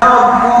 world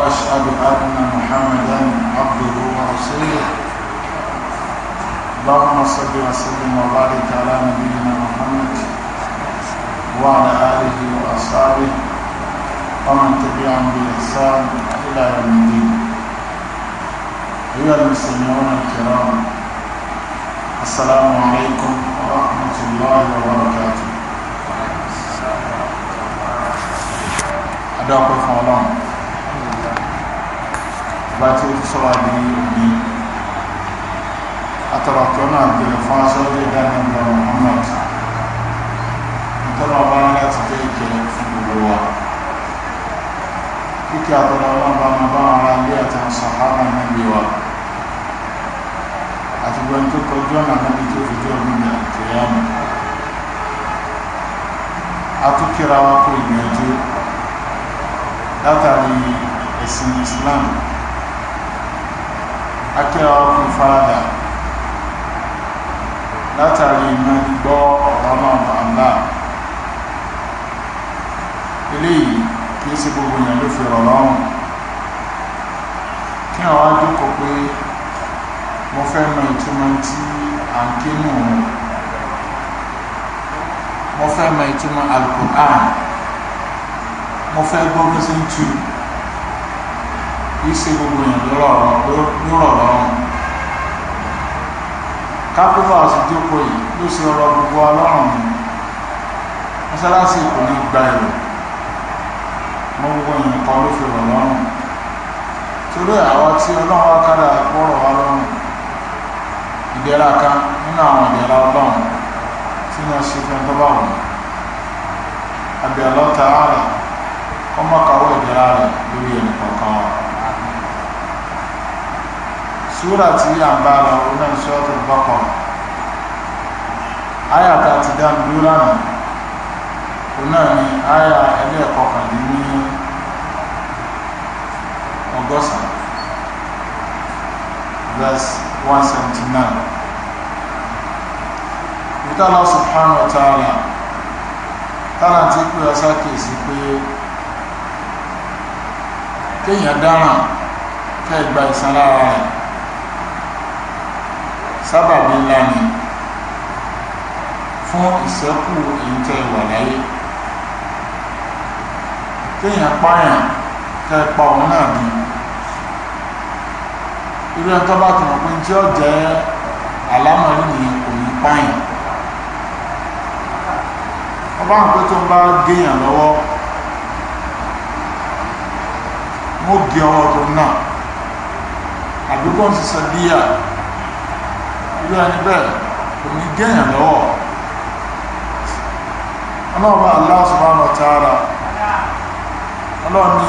وأشهد أن محمدا عبده ورسوله اللهم صل وسلم وبارك على نبينا محمد وعلى آله وأصحابه ومن تبعهم بإحسان إلى يوم الدين أيها المسلمون الكرام السلام عليكم ورحمة الله وبركاته أدعوكم الله ìgbà tí ó ti sọ́wà ní ìlú àtàràtọ́ náà bèèrè fún aṣọ́lẹ̀ ìdánilọ́ Muhammad nítorí ọba ní láti jẹ́ ìkẹrẹ fún gbogbo wa kíkẹ́ àtọ́lọ́ ọlọ́ọ̀bá máa bá ara ilé àtàwọn sàhábà níbi wa àti gbọ́n tó kọjú ọ̀nà níbi tó fi jẹ́ ọdún ìgbà kìrìyàmù atúkìra wa kó ìgbìyànjú látàrí ẹ̀sìn Islam akíra fún ìfaradà látàrí ìmọ̀ gbọ́ ọ̀rọ̀ náà àmà eléyìí kìí sí gbogbo èèyàn ló fi rọ̀ lọ́rùn kí àwọn ajókòó pé mo fẹ́ mọ ìtumọ̀ tí à ń ké nù mo fẹ́ mọ ìtumọ̀ alukur'an mo fẹ́ gbọ́ ń tu kìí ṣe gbogbo èèyàn ló rọ̀rọ̀ ọ̀hún kápẹ́fà àsìjókò yìí ló ṣe ọ̀rọ̀ gbogbo ọlọ́run ni mọ́sálásì kò ní gba èrò wọ́n gbogbo èèyàn kan ló fi rọ̀ lọ́rùn torí àwọn tí ọlọ́run wá kára pọ̀rọ̀ wá lọ́rùn ìdẹ́ra kan nínú àwọn ìdẹ́ra ọlọ́run tí wọ́n ṣe fẹ́ tó bá wù àbẹ̀ ọlọ́ta ààrẹ ọmọkàwé ìdẹ́ra rẹ̀ lórí ẹnìkan súrà tí à ń bá lọ òun náà sọ́ọ̀tù bọ́kọ̀ àyà tá a ti dá mi dúró lánàá òun náà ni àyà verse one seventy nine wíta Allah subhanahu wa ta'ala tánà tí pé ọsá kèsì pé kéèyàn dáràn kẹ́ẹ̀gbà ìsan lára rẹ̀ sábàbí ńlá ni fún ìṣẹ́kù ìyíntẹ́ ìwà láyé kéèyàn pààyàn kẹ́ òun náà ni irú ẹni bá ti pé tí ó jẹ́ àlámọ̀rí nìyẹn kò ní pààyàn ọba àwọn pé tó ń bá géèyàn lọ́wọ́ mo gé ọwọ́ tó náà àdúgbò ń ṣiṣẹ́ bíyà irú ẹni bẹ́ẹ̀ kò ní gẹ́yàn lọ́wọ́ ọlọ́ọ̀bá Allah subhanahu wa ta'ala ọlọ́ọ̀ni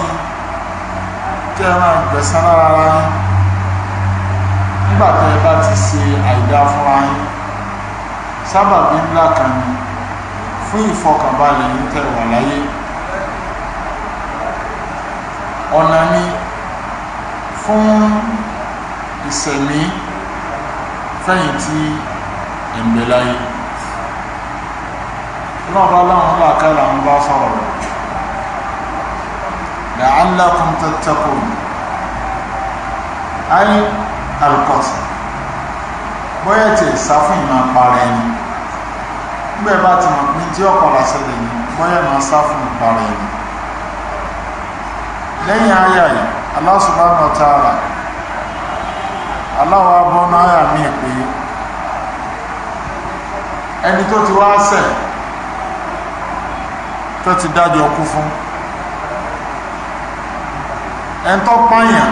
kẹ́ ẹ máa gbẹ̀sán lára ara yín nígbà tó ẹ bá ti ṣe àìdá fúnra yín sábàbí ńlá kan ni fún ìfọkànbalẹ̀ yín tẹ̀ wà láyé ọ̀nà ni fún ìsẹ̀mí sẹ́yìn tí ẹ̀mẹ́ láyé na láwọn láàkàlà ń bá sọ̀rọ̀ rẹ̀ la'allakum tattaqun ayé alkọ̀tì bóyá tí ìsáfún ìmọ̀ ẹni nígbẹ̀ bá ti mọ̀ pín tí ọ̀pọ̀lá ṣẹlẹ̀ ni bóyá ma sáfún ìpàrẹ ẹni lẹ́yìn ayé Allah aláwọ̀ abọ́ náà mi pé ẹni tó ti wá ṣẹ̀ tó ti dájọ́ kú fún ẹni tó pààyàn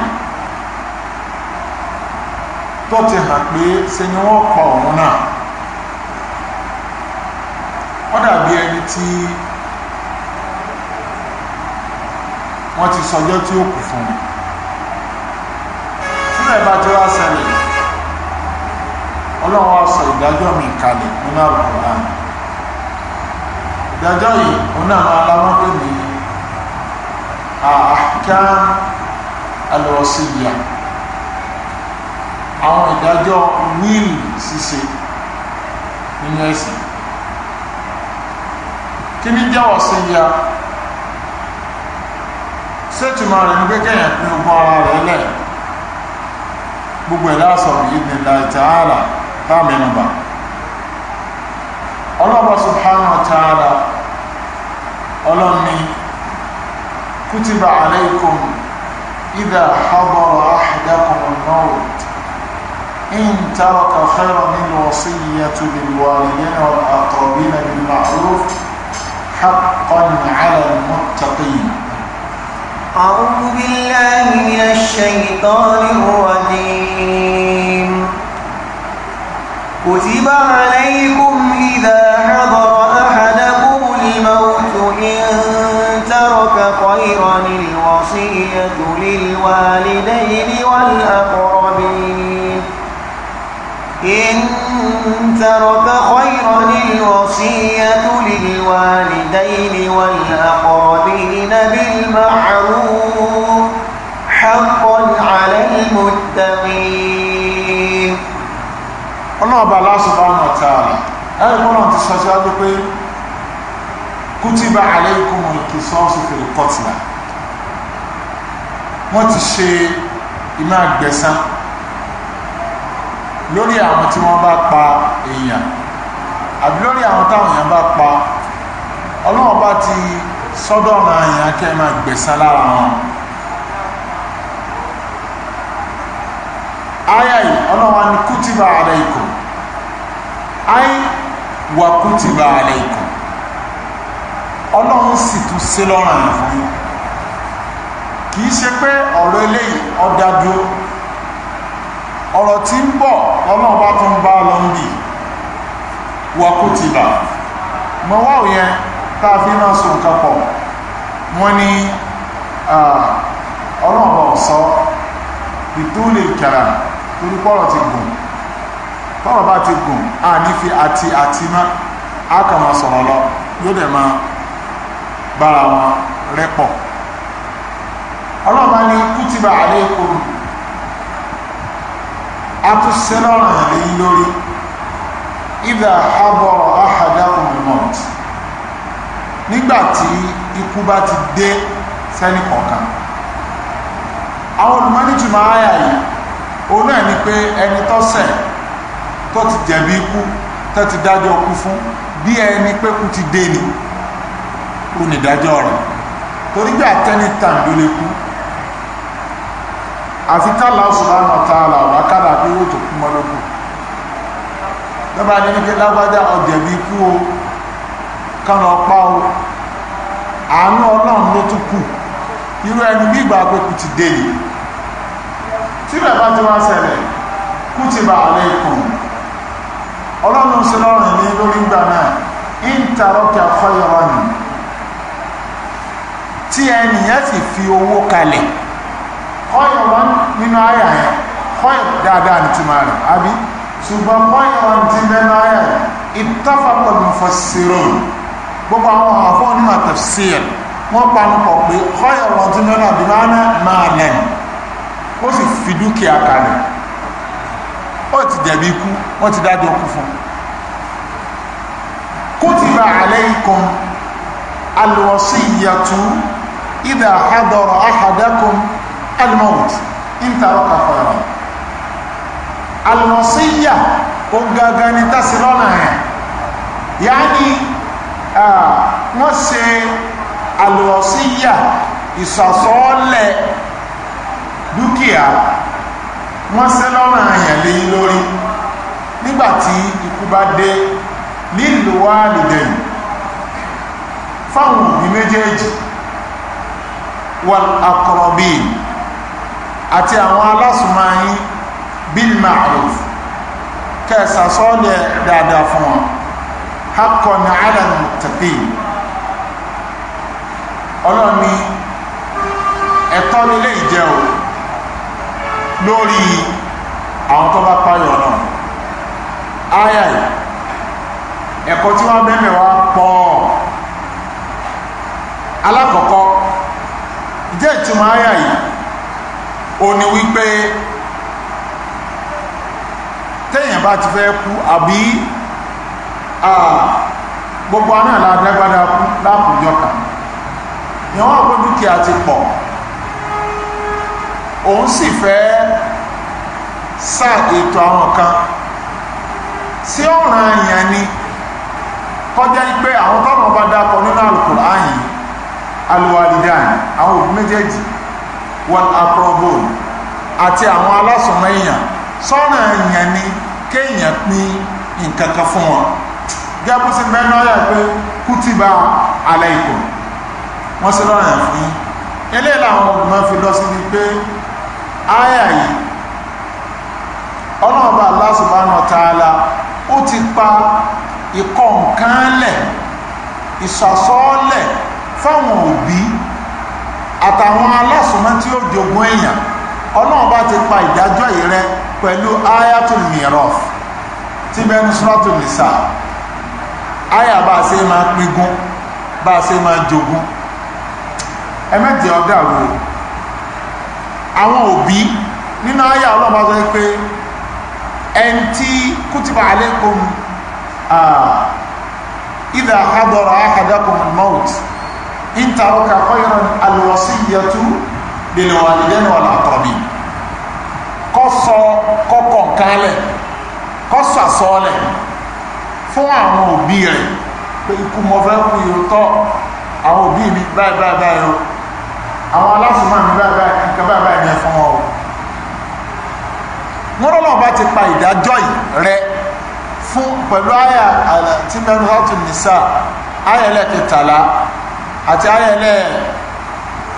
tó ti hàn pé ṣe ni wọ́n pa òun náà wọ́n dàbí ẹni tí wọ́n ti sọjọ́ tí ó kù fún un náà ìbá tí wá ṣẹlẹ̀ ọlọ́run wá sọ ìdájọ́ mi kalẹ̀ nínú àrùn náà ìdájọ́ yìí òun náà máa láwọn pè ní àkíá alọ́síyà àwọn ìdájọ́ wíìlì ṣíṣe nínú ẹ̀sìn kí ni jẹ́ wọ̀síyà sẹ́tùmọ̀ rẹ̀ ní pé kẹ́yìn pín ogun ara rẹ̀ lẹ́yìn gbogbo ẹ̀ lásọ̀rọ̀ yìí ní láì tààlà táàmì nàbà ọlọ́ọ̀bà subhanahu wa ta'ala ọlọ́ni kutiba alaykum idha hadara ahadakum al-mawt إن ترك خيرا الوصية للوالدين والأقربين بالمعروف حقا على المتقين أعوذ بالله من الشيطان الرجيم كتب عليكم إذا حضر أحدكم الموت إن ترك خيرا الوصية للوالدين والأقربين ترك خيرا الوصية للوالدين والأقربين بالمعروف حقا على المتقين الله بالله سبحانه وتعالى أي مرة تسجد كتب عليكم القصاص في القتلى wọ́n ti إما ìmá lórí àwọn tí wọ́n bá pa èèyàn àbí lórí àwọn táwọn èèyàn bá pa ọlọ́run bá ti sọ́dọ̀ ọ̀ràn èèyàn kẹ́ máa gbẹ̀san lára wọn aya yìí ọlọ́run ni kútìbà alaykum ayé wà kútìbà alaykum ọlọ́run sì tún ṣe lọ́ràn yìí fún yín kì í ṣe pé ọ̀rọ̀ eléyìí ọ̀dà dúró ọ̀rọ̀ tí ń bọ̀ ọlọ́run tún bá lọ ń bì wà kú ti bà mọ́ wá tá a fi sùn nǹkan pọ̀ wọ́n ní sọ torí pọ́rọ̀ ti gùn pọ́rọ̀ bá ti gùn a ní fi àti àti má a kà máa sọ̀rọ̀ lọ yóò dẹ̀ máa bára wọn rẹ́pọ̀ atu tún sẹ́lọ́rùn yìí lórí ìdá àbọ̀rọ̀ àhàdá ọmọọ̀t nígbàtí ikú bá ti dé sẹ́ni kọ̀ọ̀kan àwọn olùmọ́nìjùmọ̀ àyà yìí òun náà ni pé ẹni tọ́sẹ̀ tó ti jẹ̀bi ikú tó ti dájọ́ kú fún bí ẹni pé kú ti dé ni ó ní dájọ́ rẹ̀ torí bí àtẹ́ni tàǹdó àfi kálá subhanahu ta'ala wà kádà tó kú mọ́ lókù lọ́ba o kánà ọpá o àánú ọlọ́run ló tún kù irú ẹni bí ìgbà ti dé yìí tí bẹ̀ bá ti wá ṣẹlẹ̀ kú ti bà àlẹ́ ikùn ọlọ́run lọ́rùn ní lórí ìgbà náà afọ́yọ́rọ́ tí kọ́yọ̀rán nínú àyà yẹn kọ́yọ̀ dáadáa ní túmọ̀ rẹ̀ àbí ṣùgbọ́n kọ́yọ̀rán ti bẹ́nu àyà yẹn ìtafàkọ̀ ní fọ́sírò gbogbo àwọn àwọn onímọ̀ tafsir wọ́n panupọ̀ pé kọ́yọ̀rán ti bẹ́nu àbímáná máa lẹ̀ ó sì fi dúkìá kalẹ̀ ó ti jẹ̀bi ikú wọ́n ti dájọ́ kú fún kutiba alaykum alwasiyatu idha hadara ahadakum almont intarọ́kà fọ́yọ̀ almọ̀síyà ó gangan ní tásí lọ́nà ẹ̀ yáni wọ́n ṣe almọ̀síyà ìsọ̀sọ́ọ́lẹ̀ dúkìá wọ́n ṣe lọ́nà àyàn lé lórí nígbàtí ikú bá dé nílò wá lìdẹ̀yìn fáwọn òbí méjèèjì wal aqrabin àti àwọn alásùnmọ́ yín bil ma'ruf kẹsà sọ́ọ̀lẹ̀ dáadáa fún wọn haqqan 'ala al-muttaqin ọlọ́ni ẹ̀tọ́ nílé ìjẹ́ o lórí àwọn tó bá páyọ̀ náà ayà yìí ẹ̀kọ́ tí wọ́n bẹ́ẹ̀ wá pọ̀ alákọ̀ọ́kọ́ jẹ́ ìtumọ̀ ayà yìí ó ní wípé téèyàn bá ti fẹ́ kú àbí gbogbo aná làdágbádá kú lápùjọ kan ni wọ́n pé dúkìá ti pọ̀ òun sì fẹ́ sá ètò àwọn kan sí ọ̀ràn àyàn ni kọjá pé àwọn tọ́nà bá dápọ̀ nínú Al-Qur'an yìí àwọn òbí méjèèjì wọn aprobon àti àwọn alásùnmọ́ èèyàn sọ́nà èèyàn ni kéèyàn pín nǹkan kan fún wọn gẹ́gẹ́ sí bẹ́ẹ̀ náà yà pé kútìbà aláìkùn wọ́n sì lọ́nà fún yín eléyìí làwọn olùmọ̀ fi lọ sí ni pé àyà yìí ọlọ́ọ̀bà Allah subhanahu wa ta'ala ó ti pa ìkọ̀ nǹkan lẹ̀ fáwọn òbí àtàwọn alásùnmọ́ tí ó jogun èèyàn ọlọ́run bá ti pa ìdájọ́ yìí rẹ pẹ̀lú ayatul mirof tí bẹnu suratul nisa aya bá a ṣe máa pígun bá a ṣe máa jogun ẹmẹ́tì ọ̀dà wo àwọn òbí nínú aya ọlọ́run bá sọ pé ẹni tí kútìbà alaykum ah, idha hadara ahadakum al-maut إن ترك خيرا الوصية للوالدين والأقربين kọ́sọ kọ́kọ̀ kalẹ̀ kọ́sọ àsọlẹ̀ fún àwọn òbí rẹ̀ pé ikú mọ fẹ́ kú ìrútọ́ àwọn òbí mi báyìí báyìí báyìí o àwọn aláṣùmọ̀ mi báyìí báyìí ni ẹ fún wọn o nírọ̀lọ́ bá ti pa ìdájọ́ yìí rẹ fún pẹ̀lú àyà tí mẹ́rin hàtún nìsà àyà àti ayẹlẹ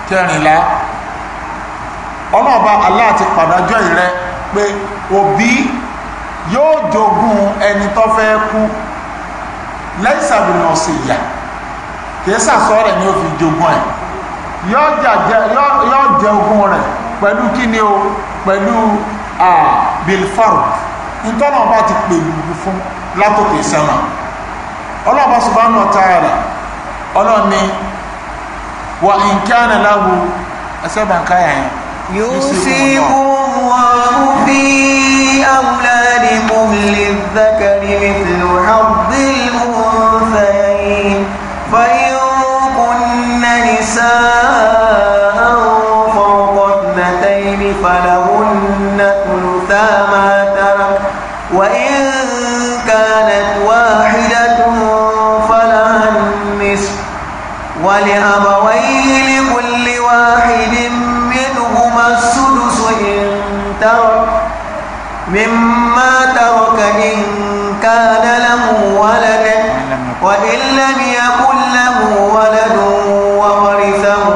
kẹrìnlá ọlọ́ọ̀ba Allah ti pàdájọ́ ìrẹ pé òbí yóò jogún ẹni tó fẹ́ kú lẹ́yìn sàbìnrin ọ̀sẹ̀ ìyà kìí sàsọ rẹ̀ ni ó fi jogún ẹ̀ yóò jẹ ogún rẹ̀ pẹ̀lú kíni o pẹ̀lú bilfard nítorí ọba ti pè lùgbù fún látòkè sẹ́mà ọlọ́ọ̀ba subhanahu wa ta'ala ọlọ́ọ̀ni وإن كان له أسباب كايا يصيبهم الله في أولادكم للذكر مثل حظ الأنثيين فإن كن نساء فوق اثنتين فلهن ثلثا ما ترك وإن إن كان له ولد وإن لم يكن له ولد وورثه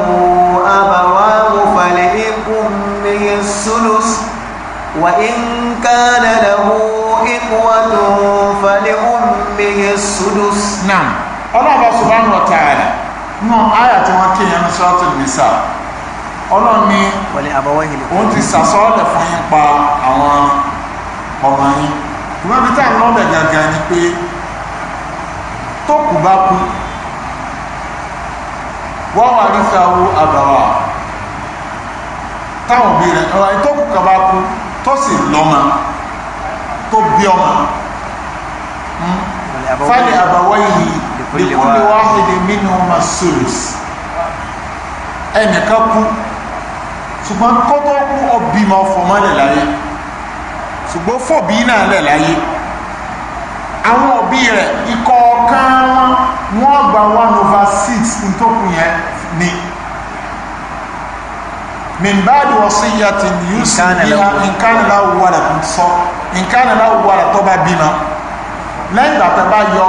أبواه فلأمه الثلث وإن كان له إخوة فلأمه السدس نعم الله سبحانه وتعالى nù àyà tí wọn kéèyàn ní sọ́ọ́tù nìsà ọlọ́run ní òun ti sàsọ́ọ̀lẹ̀ fún yín pa àwọn ọmọ yín ṣùgbọ́n ibi tá à ń lọ́bẹ̀ gàgà ni pé tó kù bá kú wọ́n wà ní sáwó àbàwà táwọn òbí rẹ̀ ọ̀rọ̀ tó kù kà bá kú tó sì lọ́mọ tó bí ọmọ hmm? fali àbàwáyìí lèkúlé wáhìdì mínú ọmọ sólùs ẹnìkan kú ṣùgbọ́n kọ́tọ́ kú ọbí ma fọmọ́lẹ̀ láyé ṣùgbọ́n fòbí náà lẹ̀ láyé àwọn òbí rẹ̀ ikọ̀ kan wọ́n gba one over six nítòkùn yẹn ni mìbáàdì ọ̀sìn ìyá ti yíò sí ìhà ìkánilá wàrà sọ ìkánilá wàrà tó bá bímọ lẹ́yìn ìgbà tó bá yọ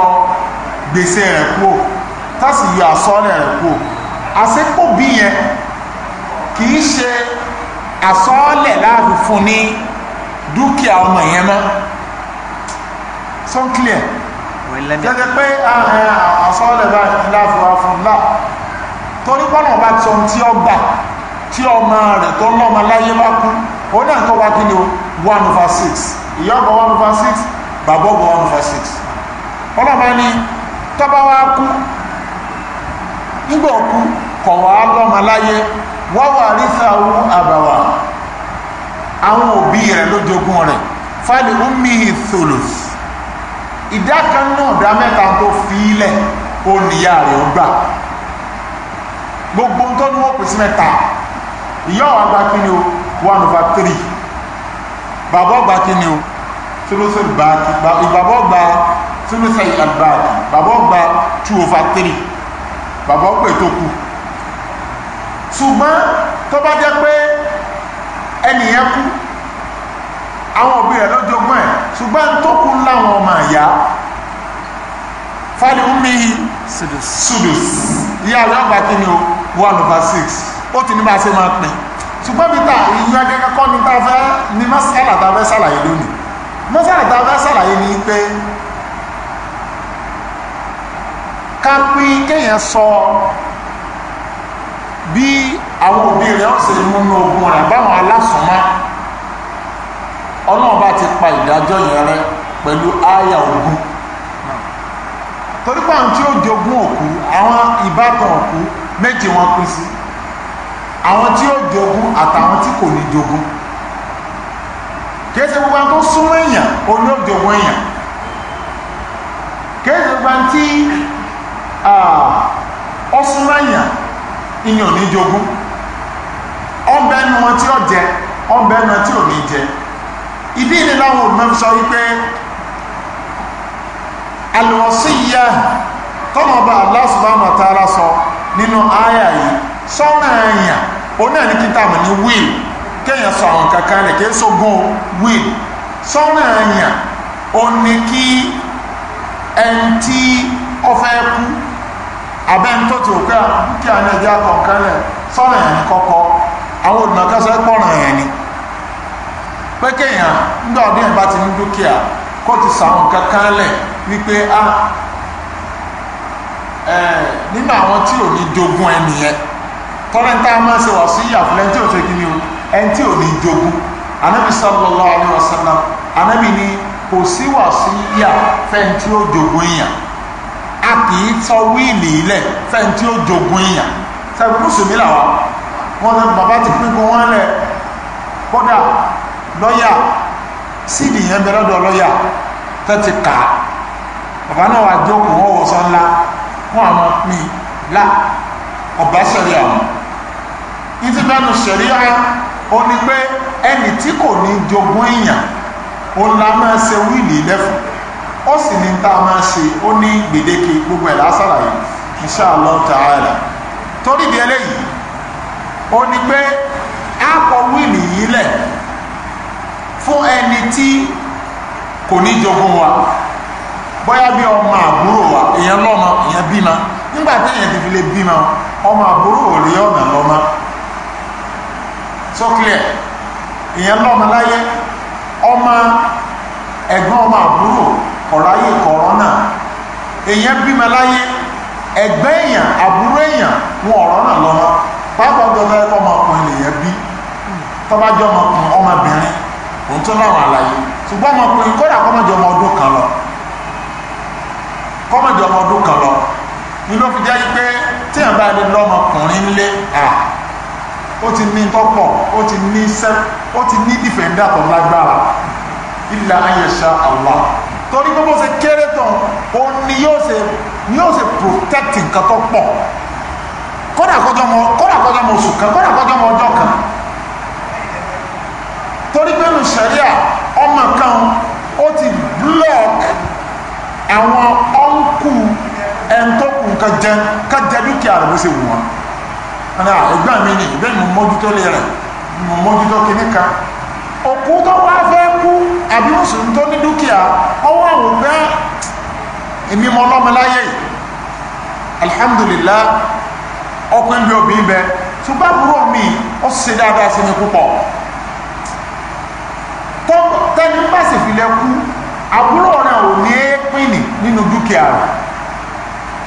gbèsè rẹ̀ kúò tó sì yọ àsọ́lẹ̀ rẹ̀ kúò àsìkò bí yẹn kì í ṣe àsọ́lẹ̀ láàfin fún ní dúkìá ọmọ yẹn mọ́ so clear jẹ́jẹ́ pé àsọ́ọ̀lẹ̀ báyìí láfíwá fún ńlá torí pọ́nà bá tí ohun tí ó gbà tí ọmọ rẹ̀ tó lọ́mọ láyé bá kú ó náà kọ́ wá kí ni one over six ìyá ọgbọ̀ one over six bàbá ọgbọ̀ one over six ọlọ́mọ ni tọ́ba wá kú nígbà òkú kọ̀ wá lọ́mọ láyé wọ́n wà rí sáwọ́ àbàwà àwọn òbí rẹ̀ ló jogún rẹ̀ fali ummihi thuluth ìdá kan náà dá mẹ́ta tó fi ilẹ̀ ó níyà rẹ̀ ó gbà gbogbo tó ní wọ́n pèsè mẹ́ta ìyá ọ̀wá gba kí ni o one over three bàbá ọgbà kí ni o thuluth baaki bàbá ọgbà thuluth baaki bàbá ọgbà two over three bàbá ọgbà ètò kù ṣùgbọ́n tó bá jẹ́ pé ẹnìyẹn kú àwọn òbí rẹ̀ ló jogún ẹ̀ ṣùgbọ́n tó kú láwọn ọmọ ìyá fali umihi sudus ìyá rẹ̀ ọgbà kí ni o one over six ó ti ní bá a ṣe máa pín ṣùgbọ́n bí ta ìyẹn gẹ́gẹ́ kọ́ ni ta fẹ́ ni mọ́sálà ta fẹ́ ṣàlàyé lónìí mọ́sálà ta fẹ́ ṣàlàyé ni pé ká pín kéèyàn sọ bí àwọn òbí rẹ̀ ọ̀sẹ̀ múnú ogun rẹ̀ báwọn alásùnmá ọlọ́run bá ti pa ìdájọ́ yẹn rẹ pẹ̀lú àyà ogun torí pé àwọn tí ó jogún òkú àwọn ìbátan òkú méjì wọn pín sí àwọn tí ó jogún àtàwọn tí kò ní jogún kìí ṣe gbogbo àwọn tó súnmọ́ èèyàn olóòjògùn èèyàn kìí ṣe gbogbo àwọn tí èèyàn ìyàn ní jogún ọ̀bẹ́nu wọn tí ó jẹ ọ̀bẹ́nu tí ò ní jẹ ìdí ni láwọn olùmọ̀ sọ wípé alwasiyya tọ́mọba Allah subhanahu wa ta'ala sọ nínú àyà yìí sọ́nà ẹ̀yàn ó náà ní kíta mọ̀ ní wíìl kéèyàn sọ àwọn kankan rẹ̀ kéè sógún wíìl sọ́nà ẹ̀yàn ó kí ẹni tí ó fẹ́ kú abẹ́ ń tó ti òkú dúkìá ní ẹja kọ̀ọ̀kẹ́lẹ̀ sọ́nà ẹ̀yìn kọ́kọ́ àwọn olùdókẹ́sẹ́ pọ̀ràn ẹ̀yìn ni pé kéèyàn nígbà ọdún yẹn bá ti ní dúkìá kó ti sàwọn kankan lẹ̀ wípé a ah, nínú àwọn tí ò ní jogún ẹni yẹn tọ́lẹ́ntà máa ń ṣe wà sí ìyàfọ́ lẹ́ni tí ò ṣe kí ni o ẹni tí ò ní jogún anabi sallallahu alayhi wa sallam anabi ni kò sí wà sí tí ó jogún yàn a kì í sọ wíìlì ilẹ̀ fẹ́ni tí ó jogun èèyàn sẹ́ni mùsùlùmí làwà wọ́n lọ bàbá ti pín gun wọ́n lẹ̀ kódà lọ́yà síìdì yẹn bẹ lọ́dọ̀ lọ́yà tó ti kà á bàbá náà wà jókòó wọ́n wọ̀ sọ ńlá wọ́n àwọn pín lá ọ̀bá sẹ̀rí àwọn ìtí bẹ́nu sẹ̀rí á ó ní pé ẹni tí kò ní jogun èèyàn ó la máa wíìlì ilẹ̀ fún un ó sì ní tá a máa ṣe ó ní gbèdéke gbogbo ẹ̀ lásàlàyé insha Allah torí ìdí eléyìí ó ní pé a kọ wíìlì yìí lẹ̀ fún ẹni tí kò ní jogún wa bóyá bí ọmọ àbúrò wa èèyàn lọ́mọ èèyàn bímọ nígbà tí èèyàn ti fi lè bímọ ọmọ àbúrò ò rí ọ̀nà so clear èèyàn lọ́mọ láyé ọmọ ẹ̀gbọ́n ọmọ àbúrò kọ̀ráyè kọ̀rọ́nà èèyàn bímọ láyé ẹgbẹ́ èèyàn àbúrò èèyàn wọn ọ̀rọ̀nà lọ́mọ pápá gbọdọ̀ ẹ̀kọ́ ọmọkùnrin lèèyàn bí tọ́bájọ́ ọmọkùnrin ọmọbìnrin òun tó láwọn àlàyé ṣùgbọ́n ọmọkùnrin kódà kọ́mọ̀jọ ọmọ ọdún kan lọ kọ́mọ̀jọ ọmọ ọdún kan lọ ni ló fi jẹ́ pé téèyàn bá lè lọ́mọkùnrin lé à ó ti ní tọ́pọ̀ ó ti ní sẹ́ ó ti ní dìfẹ̀ńdà tó lágbára illa an yasha Allah torí pé bó ṣe kéré tán òun ni yóò ṣe ni yóò ṣe protect nǹkan tó pọ̀ kódà kọjọ́ mọ kódà kọjọ́ mọ oṣù kan kódà kọjọ́ mọ ọjọ́ kan torí pé nù sẹ́ríà ọmọ kan ó ti block àwọn ọ́nkù ẹ̀ńtọ́kù kan jẹ ká jẹ dúkìá rẹ̀ bó ṣe wù wọ́n ọ̀nà ẹ̀gbọ́n mi ni ìbẹ́ mi lè rẹ̀ mo mójútó òkú tó wá fẹ́ àbí mùsùlùmí tó ní dúkìá ọwọ́ àwọn pé èmi mọ ọlọ́mọ alhamdulillah ọkùnrin bí obìnrin bẹ ṣùgbọ́n àbúrò mi ó ṣe dáadáa sí mi púpọ̀ tẹ́ni bá sì fi lẹ́kú àbúrò rẹ̀ ò ní pínì nínú dúkìá rẹ̀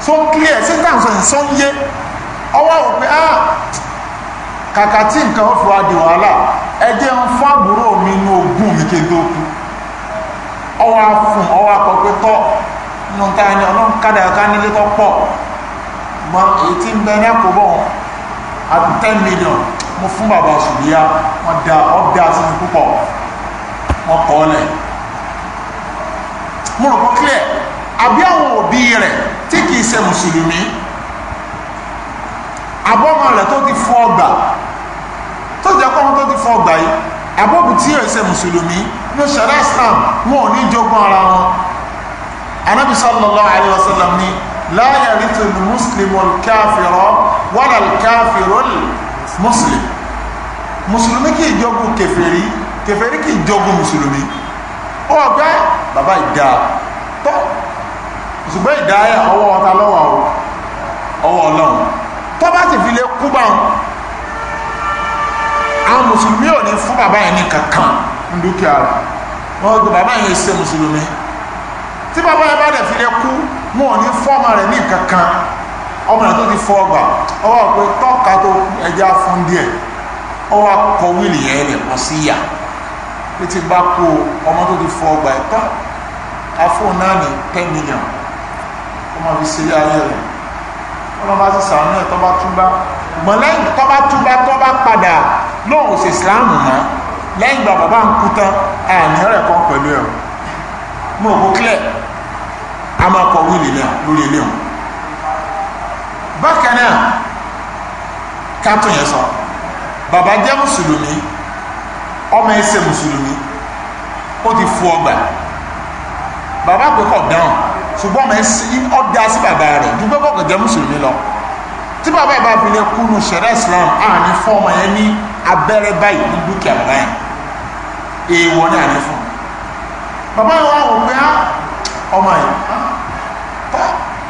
so clear sítà sọ ìsọ ń yé ọwọ́ ò pé ah kàkà tí nǹkan ó fi wá di wàhálà ẹ jẹ́ ń fún àbúrò mi inú ogún mi kí n tó kú ọwọ́ afún ọwọ́ akọ̀pẹ́ tọ́ nínú ta ni ọlọ́run kádà ká nílé tó pọ̀ gbọ́n èyí tí ń bẹ ní àkóbọ̀ àti ten million mo fún bàbá ṣùgbìyà wọ́n da ọbẹ̀ àti ní púpọ̀ wọ́n kọ́ ọ lẹ̀ mo rò pọ̀ clear àbí àwọn òbí rẹ̀ tí kì í ṣe mùsùlùmí abọ́mọ rẹ̀ tó ti fọ́ ọgbà tó jẹ́ kọ́ wọn tó ti fọ́ ọgbà yìí abọ́bù tí ṣe mùsùlùmí ní ṣẹ̀rẹ́ islam wọn ò ní jogún ara wọn anábi sallallahu alayhi wa sallam ni la yarithul muslimu al-kafira wala al-kafiru al-muslim mùsùlùmí kì í jogún kèfèrí kèfèrí kì í jogún mùsùlùmí ó ọgbẹ́ bàbá ìdá tó ṣùgbọ́n ìdáyà ọwọ́ ọta lọ́wọ́ ọwọ́ ọlọ́run tó bá ti fi lè kú àwọn mùsùlùmí ò ní fún bàbá ẹni kankan dúkìá rẹ̀ wọ́n gbé bàbá yẹn ṣe mùsùlùmí tí bàbá yẹn bá dẹ̀ fi lè kú mọ́ ní fọ́ọ̀mà rẹ̀ ní kankan ọmọ rẹ̀ tó ti fọ́ ọgbà ọwọ́ pé tọ́ka tó ẹja fún díẹ̀ ọwọ́ kọ wíìlì yẹn lè pọ̀ sí ìyá pé tí bá kú ọmọ tó ti fọ́ ọgbà ẹ̀ tán afọ́ náà ní ten million ọmọ fi ṣe ayé rẹ̀ ọmọ bá ti sàánú ẹ̀ tọ́ bá túbá gbọ̀n lẹ́yìn tọ́ bá túbá tọ́ bá padà lóhùn lẹ́yìn ìgbà bàbá ń kú tán àní rẹ̀ kan pẹ̀lú ẹ̀ mo kó clear a máa kọ wíìlì náà lórí ilé wọn bákan náà kátó yẹn sọ bàbá jẹ́ mùsùlùmí ọmọ ẹsẹ̀ mùsùlùmí ó ti fu ọgbà bàbá pé kọ̀ dáhùn ṣùgbọ́n ọmọ ẹsẹ̀ ọ̀dá sí bàbá rẹ̀ dúpẹ́ bọ̀kọ̀ jẹ́ mùsùlùmí lọ tí bàbá yìí bá fi lè kúnu sẹ̀rẹ̀ Islam àní fún ọmọ yẹn ní abẹ́rẹ́ báyìí ní dúkìá bàbá èèwọ̀ náà ní fún bàbá ìwà àwọn pé á ah, ọmọ yìí ah, tọ́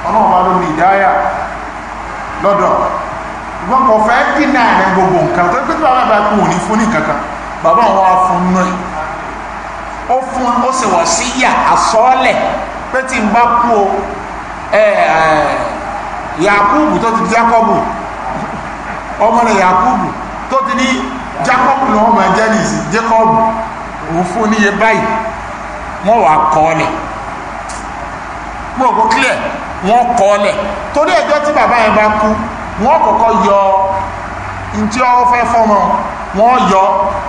ọlọ́run bá ló ní ìdáyà lọ́dọ̀ ìgbọ́n kò fẹ́ dínà rẹ̀ gbogbo nǹkan tó pé bàbá bá kú òní fún ní kankan bàbá wọn á fún náà ó fún ó sì wọ̀ sí yà àsọ́ọ́lẹ̀ pé tí n bá kú o yakubu tó ti jacobu ọmọ rẹ̀ yakubu tó ti ní jacobu lọ́wọ́ máa jẹ́ nìyí jacobu òun fún níye báyìí wọ́n wàá kọ́ ọ lẹ̀ gbogbo clear wọ́n kọ́ ọ lẹ̀ torí ẹjọ́ tí bàbá yẹn bá kú wọ́n kọ́kọ́ yọ ntí ọwọ́ fẹ́ fọ́mọ wọ́n yọ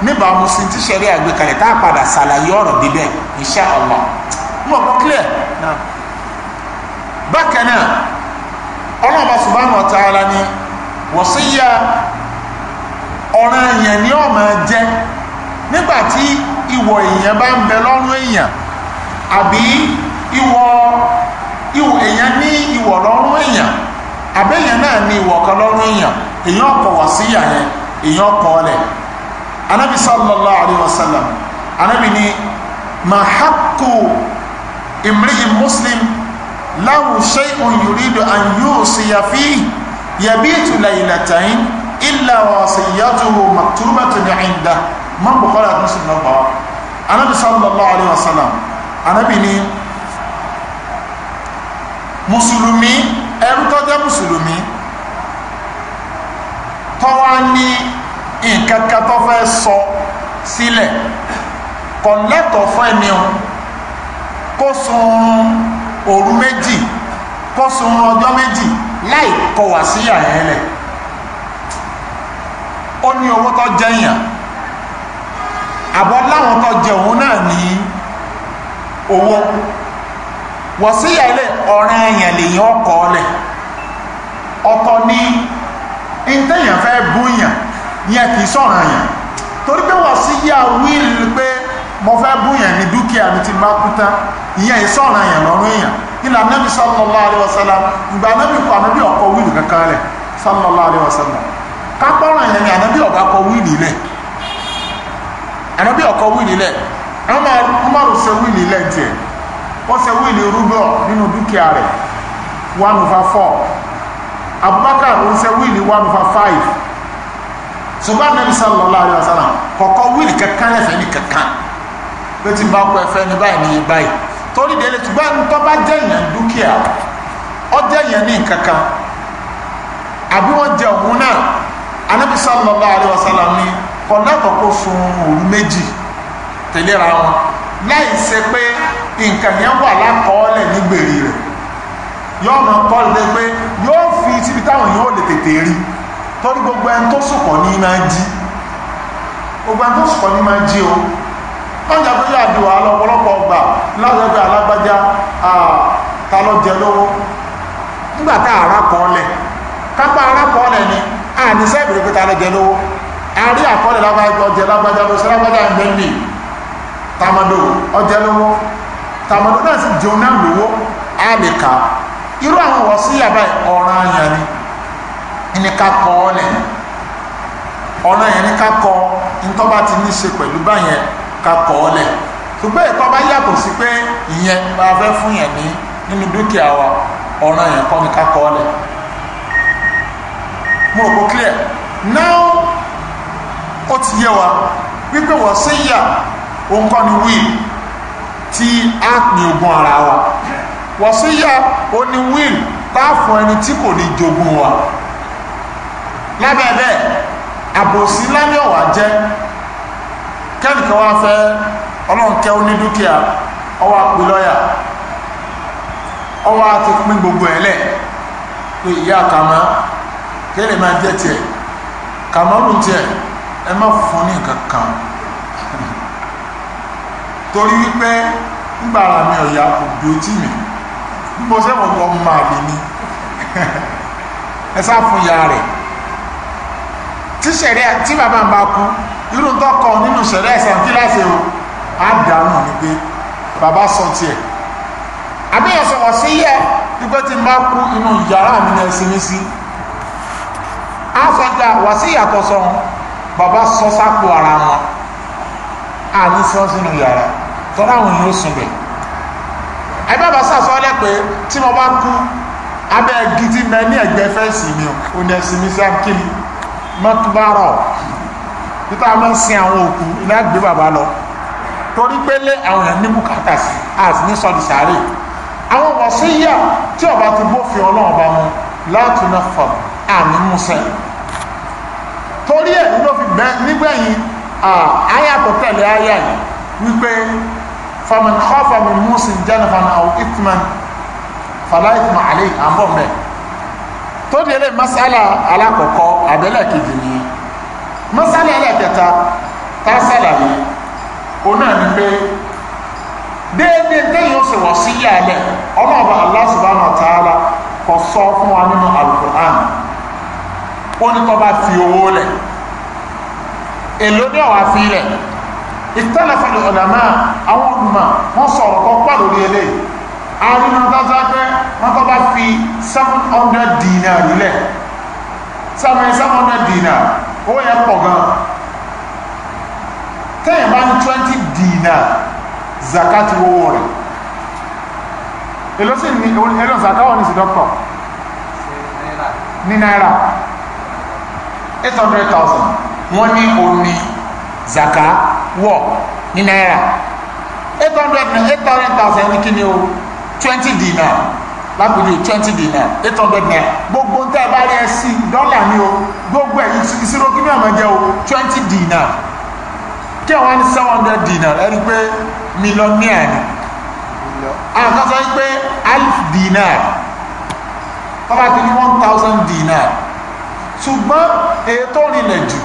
níbàámu sí ti ṣẹlẹ̀ àgbékalẹ̀ tá a padà ṣàlàyé ọ̀rọ̀ bíbẹ̀ insha Allah gbogbo clear bákan náà ọlọ́ọ̀bá subhanahu wa ta'ala ni wọ́síyà ọ̀ràn yẹn ni ọ̀ máa jẹ́ nígbà tí ìwọ̀ èèyàn bá ń bẹ lọ́rùn èèyàn àbí ìwọ̀ ìwọ̀ èèyàn ní ìwọ̀ lọ́rùn èèyàn àbẹ́yẹn náà ní ìwọ̀ kan lọ́rùn èèyàn èèyàn kọ̀ wá sí ìyà yẹn èèyàn kọ̀ ọ́ lẹ̀ anabi sallallahu alayhi wa sallam anabi ni mahaku imri'in muslim lahu shay'un yuridu an yusiya fihi yabitu laylatayn illa wasiyatuhu Imam Bukhari àti Muslim náà gbà anábì sallallahu alayhi wa sallam anábì ni mùsùlùmí ẹrú tó jẹ́ mùsùlùmí tó wá ní nǹkan kan tó fẹ́ sọ sílẹ̀ kò lẹ́tọ̀ọ́ fún ẹni o kó sun òru méjì kó sun ọjọ́ méjì láì kọ̀wà sí àyẹ̀lẹ̀ ó ní owó tó jẹ́yàn àbọ̀ láwọn tó jẹ òun náà ní owó wọ̀síyà ilé ọ̀rẹ́ èèyàn lèyàn ọkọ̀ ọlẹ̀ ọkọ̀ ní ìtẹ̀yàn fẹ́ búyàn yẹn kì í sọ̀rọ̀ yẹn torí pé wọ̀síyà wíìlì pé mo fẹ́ búyàn ní dúkìá mi ti máa kú tán ìyẹn ìsọ̀rọ̀ yẹn lọ́rùn èèyàn ilà nẹ́bí sallallahu alaihi ìgbà nẹ́bí kọ ànábì ọkọ̀ wíìlì kankan rẹ̀ sallallahu alaihi kápọ́ràn yẹn ni ànábì ọba kọ wí kọ wíìlì lẹ̀ ọmọrù ṣe wíìlì lẹ̀ tiẹ̀ ó ṣe wíìlì rúbọ̀ nínú dúkìá rẹ̀ one over four Abubakar ó ṣe wíìlì one over five ṣùgbọ́n Ànábì sallallahu alaihi wasallam kọ̀kọ́ wíìlì kankan lẹ́fẹ̀ẹ́ ní kankan pé tí n bá kọ ẹfẹ́ ní báyìí ní báyìí torí délé ṣùgbọ́n tó bá jẹ́ èèyàn dúkìá ó jẹ́ èèyàn ní kankan àbí wọ́n jẹ òun náà Ànábì sallallahu alaihi wasallam ní kọ̀lẹ́kọ̀ọ́ kó sun òru méjì tẹ̀léra wọn láì ṣe pé nǹkan yẹn wà lákọọ́lẹ̀ nígbèrè rẹ̀ yóò mọ kọ́ọ̀lù dé pé yóò fi síbi táwọn èèyàn ò lè tètè rí torí gbogbo ẹni tó sùkọ̀ ní máa jí gbogbo ẹni tó sùkọ̀ ní máa jí o lọ́jà pé yóò àdúrà lọ́pọ̀lọpọ̀ ọgbà lágbègbè alágbájá ta ló jẹ lówó nígbà tá àrà kọ́ọ̀lẹ̀ kápá àrà kọ́ọ̀lẹ̀ ni àníṣẹ́ ìbèrè pé ta ló jẹ lówó àrí àkọọ́lẹ̀ lágbájá lọ́sẹ̀ lágbájá ń bẹ́ẹ̀ tamado ọjẹ́ lówó tamado náà sì náà lówó irú àwọn ọ̀wọ́ sí ọ̀ràn ni ẹni ká kọ́ ọ ọ̀ràn yẹn ní ká kọ́ ntọ́ bá ti ní ṣe pẹ̀lú báyẹn ká kọ́ ọ lẹ̀ ṣùgbọ́n ìtọ́ bá yàtọ̀ sí pé ìyẹn bá fẹ́ fún yẹn ní nínú dúkìá wa kò wa wípé wọ́n sí yà nkɔni wi ti a pin ogun ara wa wɔsi yɛ oni wi ta fɔ ɛni ti ko ni jogun wa labɛbɛ abosi lani ɔwa jɛ kɛnikɛ wa fɛ ɔlɔnkɛ oni dukia ɔwa pin lɔya ɔwa ti pin gbogbo yɛ pe ya kama kele ma jɛ tiɛ kama lu tiɛ ɛma fɔni kankan. torí wípé ńgbà ara mi ọ̀yà kò bí ó tì mí bí mo sẹ́wọ̀n lọ máa lè ní ẹ sá fún ìyá rẹ̀ tí sẹ̀rẹ́ tí bàbá ń bá kú irú tó kọ nínú sẹ̀rẹ́ ẹ̀sán kí o á dànù ni pé bàbá sọ tiẹ̀ àbíyàn sọ̀rọ̀ sí yẹ wípé tí n bá kú inú yàrá mi ní ẹsìn mi sí á sọ dá wá sí ìyàtọ̀ sọ̀rọ̀ bàbá sọ sápò ara wọn àní sọ sínú yàrá tọ́lá àwọn yóò sùn bẹ̀ ẹ bá bàbá sàsọ́lẹ̀ pé tí mo bá kú abẹ́ gidi mẹ ní ẹ̀gbẹ́ fẹ́ǹsì mi ò ò ní ẹ̀sìn mi sí akíni mọ́túbárọ̀ títà máa ń sin àwọn òkú iná gbé bàbá lọ torí pélé àwọn èèyàn ní bùkátà sí àti ní sọ́ọ̀dì sáré àwọn ọmọ sí yíyà tí ọba ti bófin ọlọ́run bá mu láti náà fọ àmì musa torí ẹ̀ ló fi bẹ́ẹ̀ nígbẹ̀yìn àyà tó tẹ̀lé àyà yìí wípé faman khafa min musin janafan aw ithman fala ithma alayhi àbọ̀ mẹ́ tó di ẹlẹ́ masala alákọ̀ọ́kọ́ abẹ́lẹ̀ kejì ni masala ẹlẹ́kẹta tá sálàyé òun náà ni pé déédéé téèyàn ó sì wọ̀ sí yà lẹ̀ ọmọ ọba Allah subhanahu wa ta'ala kò sọ fún wa nínú alukur'an ó ní tó bá fi owó lẹ̀ èlò ní ọ̀wá fi lẹ̀ ìtẹ́lẹ̀fẹ́ ìlànà àwọn olùmọ̀ wọ́n sọ̀rọ̀ kan pà lórí ẹlẹ́ àrínà dáadáa pé wọ́n tó bá fi 700 dinar nílẹ̀ 700 dinar ó yẹ pọ̀ gan tẹ́yìn bá ní 20 dinar zakati owó rẹ̀ èlò sí ní èlò zakawọ̀ ní sí dọ́kọ̀ ní náírà 800,000 wọ́n ní òní zaka wọ̀ ní náírà eight hundred naira eight thousand thousand ní kíni o twenty dinar lápẹjù twenty dinar eight hundred naira gbogbo ń tẹ́ ẹ bá rí ẹ sí dọ́là ni o gbogbo ẹ̀ ìṣirò kí ni àmọ́ o twenty dinar kí àwọn ẹni seven hundred dinar ẹ rí i pé mílíọ̀nìyà ni àwọn kan pé alif dinar tọ́ba ti ní one thousand dinar ṣùgbọ́n èyí tó rinlẹ̀ jù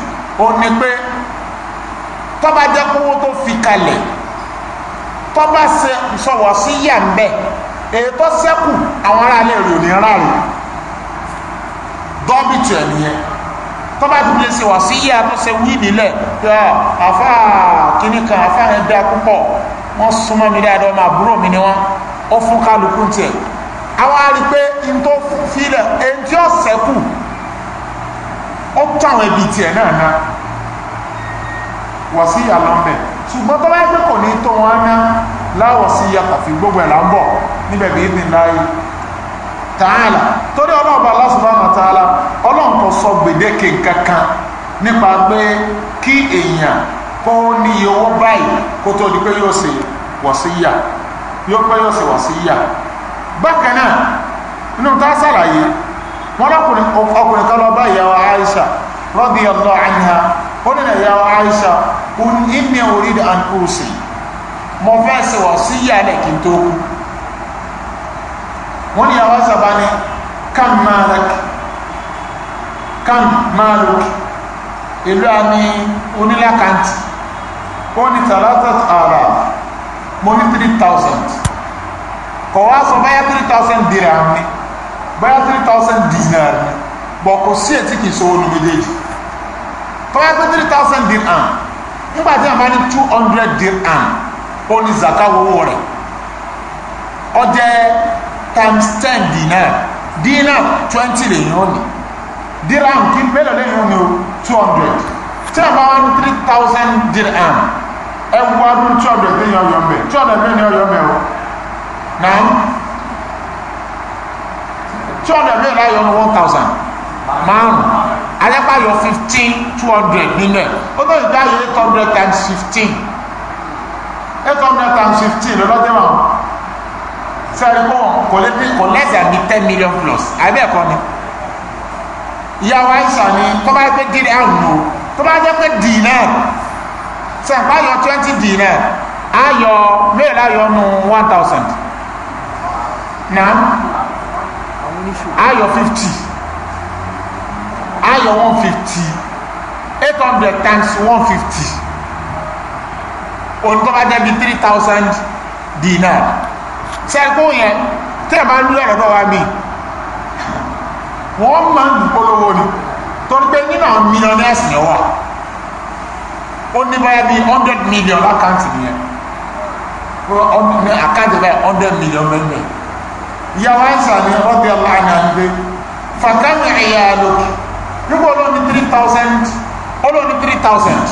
ó ní pé tọ́ba jẹ́ kówó tó fi kalẹ̀ tọ́ba sọ̀wọ́ sí yà ń bẹ̀ èyí tó sẹ́kù àwọn aráalé rẹ̀ ò ní ráàlú dọ́bìtì ẹ̀ nìyẹn tọ́ba tó lè ṣe wà sí yà tó ṣe wí nílẹ̀ pé ah, àfa kìnnì kan àfa yẹn dá púpọ̀ wọ́n súnmọ́ mi dáadáa ọmọ àbúrò mi ni wọ́n ó fún kálukú tiẹ̀ àwọn arí pé n tó filẹ̀ èyí tí ó sẹ́kù ẹbí tiẹ̀ náà náà wà sí ìyàlọ́mbẹ̀ ṣùgbọ́n tọ́lá ẹgbẹ́ kò ní tó wọn ná láwọ̀ sí àkàfí gbogbo ẹ̀là ń bọ̀ níbẹ̀ bí ní láyé tààlà torí ọlọ́ọ̀bà Allah subhanahu wa ta'ala ọlọ́ǹkan sọ gbèdéke kankan nípa pé kí èèyàn kó ní iye owó báyìí kó tó di pé yóò ṣe wàsíyà yóò pé yóò ṣe wàsíyà bákan náà inú tá a ṣàlàyé wọn lọkùnrin ọkùnrin kan lọ bá ìyàwó Aisha radiyallahu anha ó nínú ìyá Aisha ó ní inni uridu an usi mo fẹ́ ṣe wà sí yàlẹ̀ kí n tó kú wọ́n ní àwọn sábà ní kam malak kam maluk ìlú àmì onílàkàntì ó ní talatat alaf mo ní 3000 kọ̀wá sọ báyá 3000 dirham ni báyá 3000 dinar ni bọ̀ kò sí ètí kìí sọ olú méjèèjì tó bá pé three thousand dirham nígbà tí àwọn bá ní two hundred dirham ó ní zaka owó rẹ̀ ó jẹ́ times ten dinar dinar twenty lèyìn ó ní dirham kí mélòó lèyìn ní o tí àwọn bá ní three thousand dirham ẹ wá ní two hundred lèyìn ọyọ mẹ 200 hundred lèyìn ọyọ mẹ o náà two hundred ọyọ mẹ one márùn alẹ́pàyọ fifteen two hundred nínú ẹ̀ ó tó ìdá yìí eight hundred times fifteen eight hundred times fifteen lọ́dẹ́ wọn sẹ́rí kó kò lè dín kò lẹ́sẹ̀ ní ten million plus àbí ẹ̀kọ́ ni ìyàwó àìsàn ni tó bá yẹ pé dín àrùn o tó bá yẹ pé dín náà sẹ́ǹpá yọ twenty dín náà ayọ mẹ́rin ayọ nu one thousand náà ayọ fifty ayọ̀ one fifty eight hundred times one fifty òun tó bá jẹ́ bí three thousand dinar sẹ́kù yẹn tẹ́ ẹ̀ máa ń lú ẹ̀rọ náà wá mi wọ́n máa ń polówó ni torí pé nínú àwọn millionaires ni wà ó ní báyà bíi hundred million lákàntì nìyẹn àkáǹtì báyà hundred million mẹ́mẹ́ ìyàwó àìsàn ni ọ̀dẹ̀ ọ̀la àná ń gbé fàkàmì ìyá lókè nígbà ọlọ́ni three thousand ọlọ́ni three thousand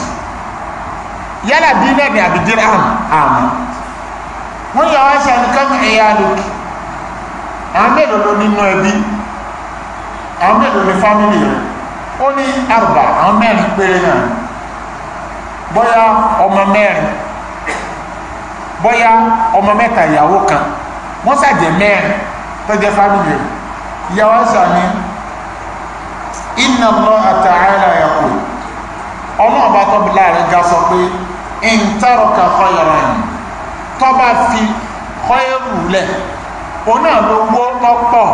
yálà dínà ní àbí dirham àmì wọ́n yà wá sí àníkàn ẹ̀yà lókè àwọn mélòó ló nínú ẹbí àwọn mélòó ní fámìlì rẹ̀ ó ní àrùbà àwọn mẹ́rin péré náà bóyá ọmọ mẹ́rin bóyá ọmọ mẹ́ta ìyàwó kan wọ́n ṣàjẹ́ mẹ́rin tó jẹ́ fámìlì rẹ̀ ìyàwó sàmì inna Allaha ta'ala yaqul ọlọ́run bá tọ́bi láàrin ga sọ pé in taraka khayran tọ́ba fi khayru lẹ̀ òun náà ló wó lọ́pọ̀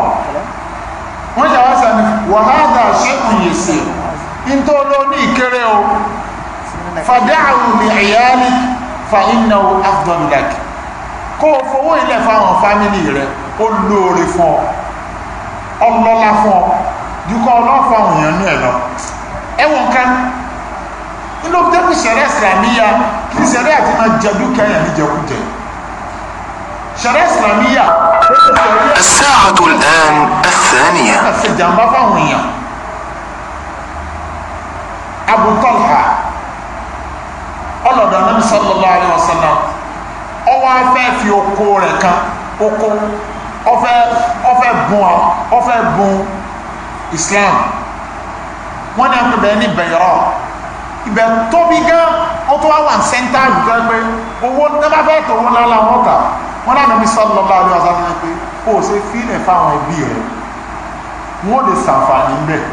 wọ́n ṣe àwọn sani wa hadha shay'un yasir nítorí ló ní ìkéré o fada'u bi iyalik fa innahu afdalu lak kó o fowó ilẹ̀ fáwọn fámìlì rẹ̀ ó lóore fún ọ ọlọ́lá fún ọ dukọ ọlọ́fà òyìn ní ẹ̀lọ ẹwọ̀n ká nínú tẹ́kù sẹ̀rẹ́ ìsìlámíyà kì í sẹ̀rẹ́ àti máa jẹ dúkìá yẹn ní jẹkújẹ sẹ̀rẹ́ ìsìlámíyà as-sa'atu al-an ath-thaniya ẹ̀sẹ̀ jàmbá fáwọn èèyàn Abu Talha ọlọ́dọ̀ fi oko rẹ̀ kan oko ọfẹ́ ọfẹ́ bùn ọ ọfẹ́ islam wọ́n ní àpẹẹbẹ̀ ní bẹ̀yọ̀rọ̀ ibẹ̀ tóbi gan ó tó wá wà ní sẹ́ńtà àwùjọ pé owó nígbà fẹ́ tó wọn lọ́la wọn tà wọ́n náà nàbí sallallahu alaihi wasallam pé ó ṣe fílẹ̀ fáwọn ẹbí rẹ̀ wọ́n ó lè ṣàǹfààní bẹ̀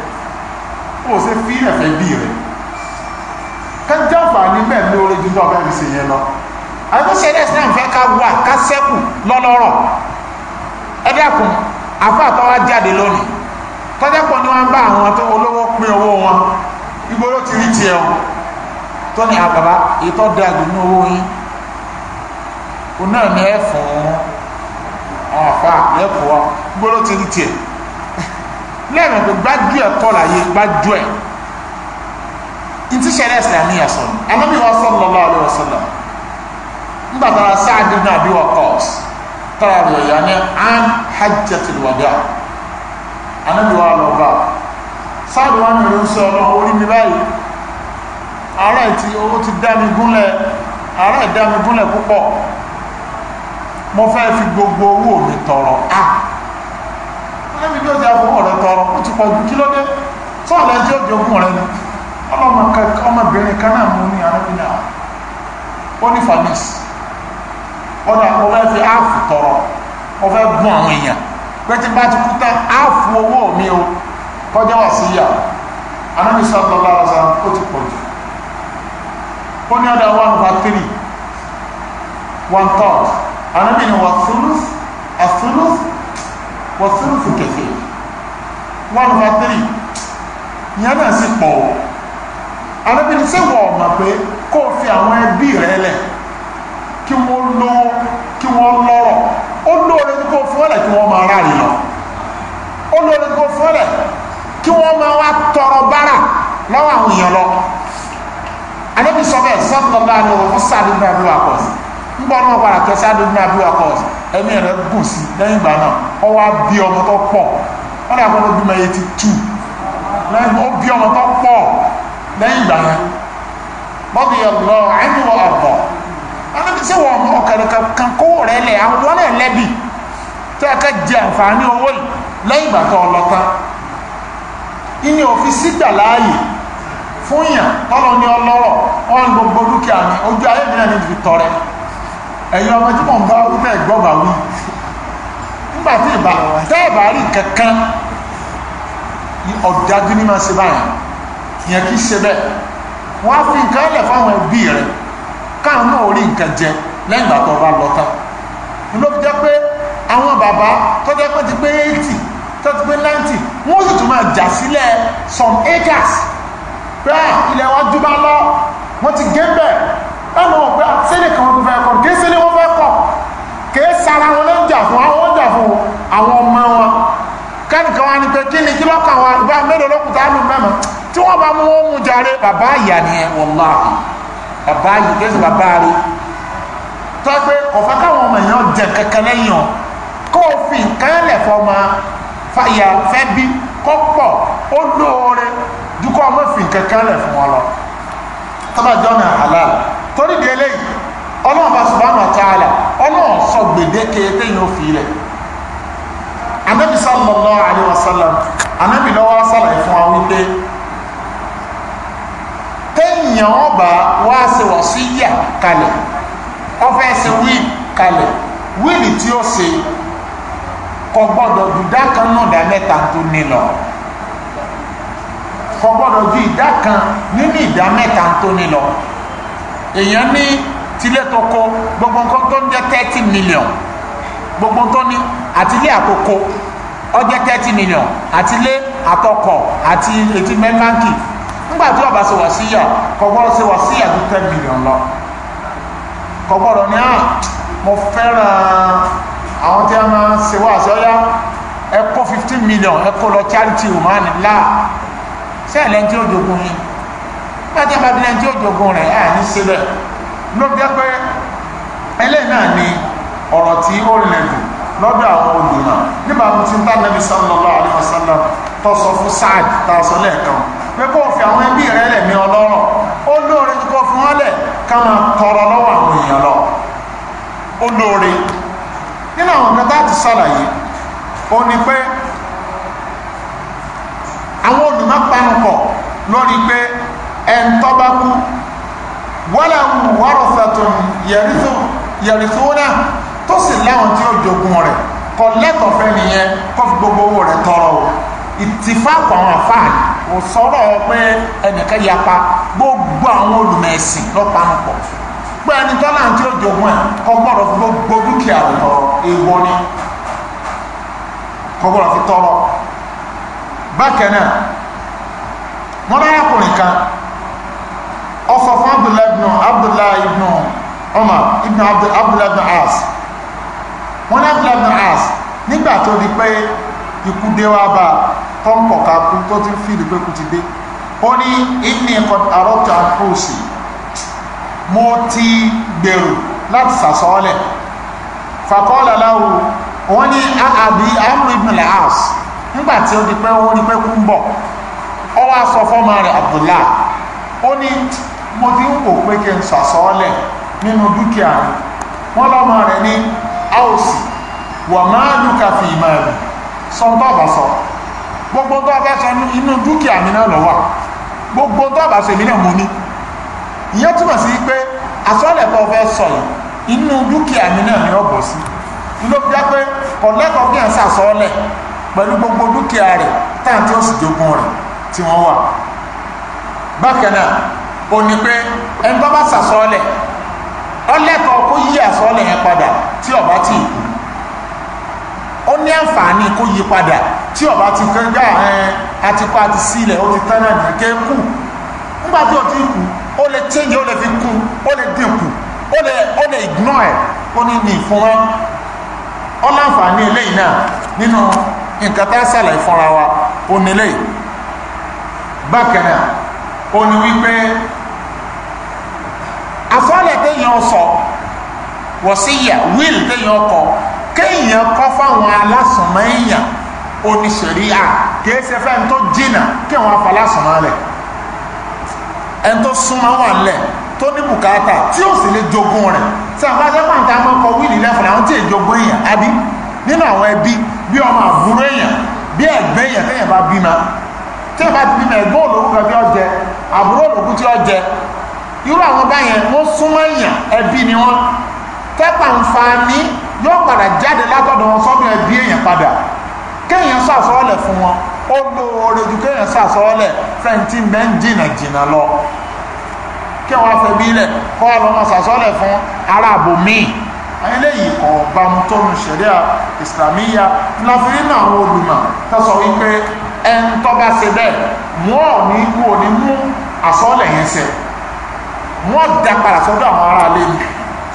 ó ṣe fílẹ̀ fẹ́ bí rẹ̀ kẹ́ńtàǹfààní bẹ̀ lórí ju náà bẹ́ẹ̀ fi ṣe yẹn lọ àwọn sẹ́dẹ̀ islam fẹ́ ká wà ká sẹ́kù lọ́lọ́rọ̀ ẹ dákun àfọ àtọwá jáde lónìí tọ́jọ́pọ̀ ni wọ́n bá àwọn tó olówó pín owó wọn ìgboro ti rí tiẹ̀ wọn tó ní àbàbá ìtọ́ dàgbù ní owó yín òun náà ní ẹ fún àwọn àfa ẹ̀kọ́ wa ìgboro ti rí tiẹ̀ lẹ́ẹ̀mọ̀ pé gbájú ẹ̀ kọ́ láyé gbájú ẹ̀ ntí sẹ́rẹ́ ìsìlámì yà sọ̀rọ̀ anábì wa sallallahu alaihi wasallam ńgbàtàrà sáà dín náà bí wà kọ́ọ̀sì tọ́ra rẹ̀ yà ní an anábìwá lọ bá sáàdù wá ní ìlú sọ ọlọ́run orí mi báyìí ara ti ó ti dá mi gúnlẹ̀ ara ìdá mi gúnlẹ̀ púpọ̀ mo fẹ́ fi gbogbo owó mi tọrọ a ẹni bí ó ti afọwọ́ rẹ tọrọ ó ti pọ̀jù kí ló dé sọ́ọ̀lẹ́ tí ó jogún rẹ ni ọmọbìnrin kan náà mú ní arábìnrin àwọn ó ní famis ọ̀dà mo fẹ́ fi áàfù tọrọ mo fẹ́ gún àwọn èèyàn pẹ́tí bá ti kú tán á fún owó mi o kọjá wà sí ìyá anábì sallallahu alaihi wasallam ó ti pọ̀ jù ó ní ọ̀dà one over three one third anábì ni wà thuluth àthuluth wà thuluth kẹfẹ one over three ìyẹn náà sì pọ̀ o anábì ni sẹ́wọ̀n ọ̀mà pé kó o fi àwọn ẹbí rẹ lẹ̀ kí wọ́n lówó kí wọ́n lọ́rọ̀ ó lóore ní kó fún ẹ̀rẹ̀ kí wọ́n máa ráre lọ ó lóore ní kó fún ẹ̀rẹ̀ kí wọ́n máa wá tọrọ bára lọ́wọ́ àwọn èèyàn lọ anábì sọ bẹ́ẹ̀ sọ́kọ̀ọ́bá ni wọ́n fún sáà dúdú àbúrò àkọ́sí ń bọ́ náà padà kẹ́ sáà dúdú àbúrò àkọ́sí ẹ̀mí rẹ̀ gùn sí lẹ́yìn ìgbà náà ọ wá bí ọmọ tó pọ̀ wọ́n ní àkọ́kọ́ bímọ yẹn ti tù lẹ́yìn ó bí ọmọ tó pọ̀ lẹ́yìn ìgbà náà bọ́dí ọ̀gbọ́n ẹni wọ́n ọ̀gbọ́n ọlọ́bí sí wọn ọ̀kẹ̀rẹ̀ kan kówó rẹ̀ lẹ̀ àwọn náà lẹ́bi tẹ́ ẹ ká jẹ àǹfààní owó yìí lẹ́yìn ìgbà tó ọlọ́tán ìyẹn ò fi sígbà láàyè fún yàn tọ́lọ ní ọlọ́rọ̀ wọn gbogbo dúkìá ní ojú ayé mi náà ní ti tọrẹ ẹ̀yin ọmọ tí mò ń bá wípé ìgbọ́gbà wí nígbà tí ìbá tẹ́ ìbá rí kankan ọ̀dájú ní máa ṣe báyìí ìyẹn kì í ṣe bẹ́ẹ̀ wọ́n á fi nǹkan lẹ̀ fáwọn ẹbí rẹ̀ káwọn náà rí nǹkan jẹ lẹ́yìn ìgbà tó bá lọ tán ló fi jẹ́ pé àwọn bàbá tó jẹ́ pé ti pé eighty tó ti pé ninety wọ́n sì tún máa jà sílẹ̀ some acres bẹ́ẹ̀ ah, ilẹ̀ wa jù bá lọ wọ́n ti gé bẹ̀ báwọn ọ̀gbẹ́ sílẹ̀ kan tó fẹ́ kọ́ kí sílẹ̀ wọ́n fẹ́ kọ́ kì í sara wọn ló ń jà fún àwọn ọjà fún àwọn ọmọ wọn kẹ́nìkan wa ni pé kí ni kí lọ́kàn wa ìbá mélòó lókùtà lù mẹ́mọ́ tí wọ́n bá mú wọn jàre bàbá ìyá nìyẹn wọ́n láàbù bàbá yìí kẹsì bàbá rẹ tọ́gbẹ́ ọ̀fẹ́ káwọn ọmọ èèyàn jẹ kankan lẹ́yìn ọ̀ kó o fi nǹkan lẹ̀ fọmọ fàyà fẹ́ bí kó pọ̀ ó lóore ju kó ọmọ fi nǹkan kan lẹ̀ fún wọn lọ tọ́ba jọ́nà halal torí di eléyìí ọlọ́run bá subhanahu wa ta'ala ọlọ́run sọ gbèdéke téèyàn ò fi rẹ̀ anabi sallallahu alayhi wa sallam anabi lọ́wọ́ sàlàyé fún wa wípé téèyàn ọba wá se wà sí yà kalẹ̀ ọfẹ́ ṣe wíì kalẹ̀ wíìlì tí ó se kò gbọ́dọ̀ ju ìdá kan náà dá mẹ́ta tó ní lọ kò gbọ́dọ̀ ju ìdá kan nínú ìdá mẹ́ta tó ní lọ èèyàn ní tilé tó kó gbogbo nǹkan tó ń jẹ́ thirty million gbogbo nǹkan ní àtìlé àkókò ó jẹ́ thirty million àtìlé àtọkọ̀ àti ètí mẹ́mánkì ńgbà tí ọba ṣe wà síyà kọ̀gbọ́rọ̀ ṣe wà síyà tó ten million lọ kọ̀gbọ́rọ̀ ni à ah, mo fẹ́ràn àwọn tí a máa ń ṣe wá àṣẹ ọyá ẹ kó fifteen million ẹ kó lọ charity woman la sẹ́yìn lẹ́ni tí ó jogun yín ńgbà tí a bá bí lẹ́ni tí ó jogun rẹ̀ ẹ̀ ní síbẹ̀ ló jẹ́ pé ẹlẹ́yìn náà ni ọ̀rọ̀ tí ó rìnlẹ̀ jù lọ́dọ̀ àwọn olùmọ̀ nígbà tí ń bá nàbì sallallahu alaihi wasallam tó sọ fún Sa'ad tá a sọ lẹ́ẹ̀kan pé kó fi àwọn ẹbí rẹ lẹ̀mí ọlọ́rọ̀ ó lóore ju kó fi wọ́n lẹ̀ ká máa tọrọ lọ́wọ́ àwọn èèyàn lọ ó lóore nínú àwọn kan láti ṣàlàyé ó ní pé àwọn olùmọ̀panupọ̀ lórí pé ẹ̀ńtọ́ bá kú wọ́lá ń wárọ̀sàtún yẹ̀rìsúnà tó sì láwọn tí ó jogun rẹ̀ kọ lẹ́tọ̀ọ́fẹ́ nìyẹn kọ́ fi gbogbo owó rẹ̀ tọrọ ìtìfáàpọ̀ àwọn àfáàní kò sọ̀rọ̀ pé ẹnìkan yapa gbogbo àwọn olùmẹ̀sìn lọ́pàá ń pọ̀ pé ẹni tọ́lá tí ó jogun ẹ̀ kò gbọ́dọ̀ fi gbogbo dúkìá rẹ̀ tọrọ èèwọ̀ ni kò gbọ́dọ̀ fi tọrọ bákan náà wọn lárakùnrin kan ọsọ fún abdullahi ibn abdullahi ibn Umar as wọn ní abdullahi as nígbà tó di pé ikú dé wá bá tọ́pọ̀ ká kú tó ti ń fìlì pé kú ti dé ó ní ìní ẹ̀kọ́ àrọ́tà fòsì mo ti gbèrò láti sàsọ́ọ́lẹ̀ fàkọ́ọ̀lá láwù wọ́n ní àbí amr ibn al-as nígbà tí ó di pé ó rí pé kú ń bọ̀ ó wá sọ fọ́mọ rẹ̀ abdullah ó ní mo ti ń pé kí n sàsọ́ọ́lẹ̀ nínú dúkìá wọ́n lọ́mọ rẹ̀ ní áòsì máa fi ìmọ̀ rẹ̀ sọ́ńtọ́ọ̀bà sọ gbogbo tó bá sọ inú dúkìá mi náà lọ́wọ́ gbogbo tó bá sọ èmi náà mo ní ìyẹn túmọ̀ sí pé àsọ́lẹ̀ tó fẹ́ sọ yìí inú dúkìá mi náà ni ó bọ̀ sí ló fi jẹ́ pé kọ̀lẹ́kọ̀ọ́ kí n sàsọ́lẹ̀ pẹ̀lú gbogbo dúkìá rẹ̀ táǹtí ó sì jogun rẹ̀ tí wọ́n wà bákan náà ó ní pé ẹni tó bá sàsọ́lẹ̀ ọlẹ́kọ̀ọ́ kó yí àsọ́lẹ̀ yẹn padà tí ó ti kú ó ní àǹfààní kó yí padà tí ọba ti kẹgbà ẹn atipa ti sílẹ̀ ó ti tán náà nìkẹ́ kù nígbà tí ó ti kù ó lè change ó lè fi kù ó lè dínkù ó lè ó lè ignore ó ní ní ìfúnra ó láǹfààní eléyìí náà nínú nǹkan tá a ṣàlàyé fúnra wa ó nílé bákan náà ó ní wípé àsọ́ọ̀lẹ̀ téèyàn sọ wọ́síyà wíìlì téèyàn kọ kéèyàn kọ́ fáwọn alásùnmọ́ èèyàn oníṣẹ̀ríà kìí ṣe fẹ́ tó jìnà kí wọ́n afọlásùnmọ́ rẹ̀ ẹni tó súnmọ́ wà lẹ̀ tó ní bùkátà tí ó sì lè jogún rẹ̀ tí àwọn akẹ́kọ̀ọ́ nǹkan máa kọ wíìlì lẹ́fọ̀ làwọn tí èjogún èèyàn àbí nínú àwọn ẹbí bí ọmọ àbúrò èèyàn bí ẹ̀gbẹ́ èèyàn téèyàn bá bímọ tí ẹ bá ti bímọ ẹ̀gbọ́n olókùn kan tí ó jẹ àbúrò olókùn tí ó jẹ irú àwọn báyẹn wọ́n súnmọ́ èèyàn ẹbí ni wọ́n tẹ́pà ń fa ní yóò padà jáde látọ̀dọ̀ wọn sọ́dún ẹbí èèyàn padà kéèyàn sàsọ́ọ̀lẹ̀ fún wọn ó lóore ju kéèyàn sàsọ́ọ̀lẹ̀ fẹ́ǹtì bẹ́ẹ̀ ń jìnnà jìnnà lọ kí wọn fẹ́ bí lẹ̀ kọ́ ọlọ́mọ sàsọ́ọ̀lẹ̀ fún aráàbò míì eléyìí kọ̀ bámu tó ń ṣẹ̀ríà ìsìlámíyà láfírí náà àwọn olùmọ̀ tó sọ wípé ẹni tó bá ṣe bẹ́ẹ̀ wọ́n ò ní wò ní mú àsọ́ọ̀lẹ̀ yẹn ṣe wọ́n dá padà sọ́dọ̀ àwọn aráalé ni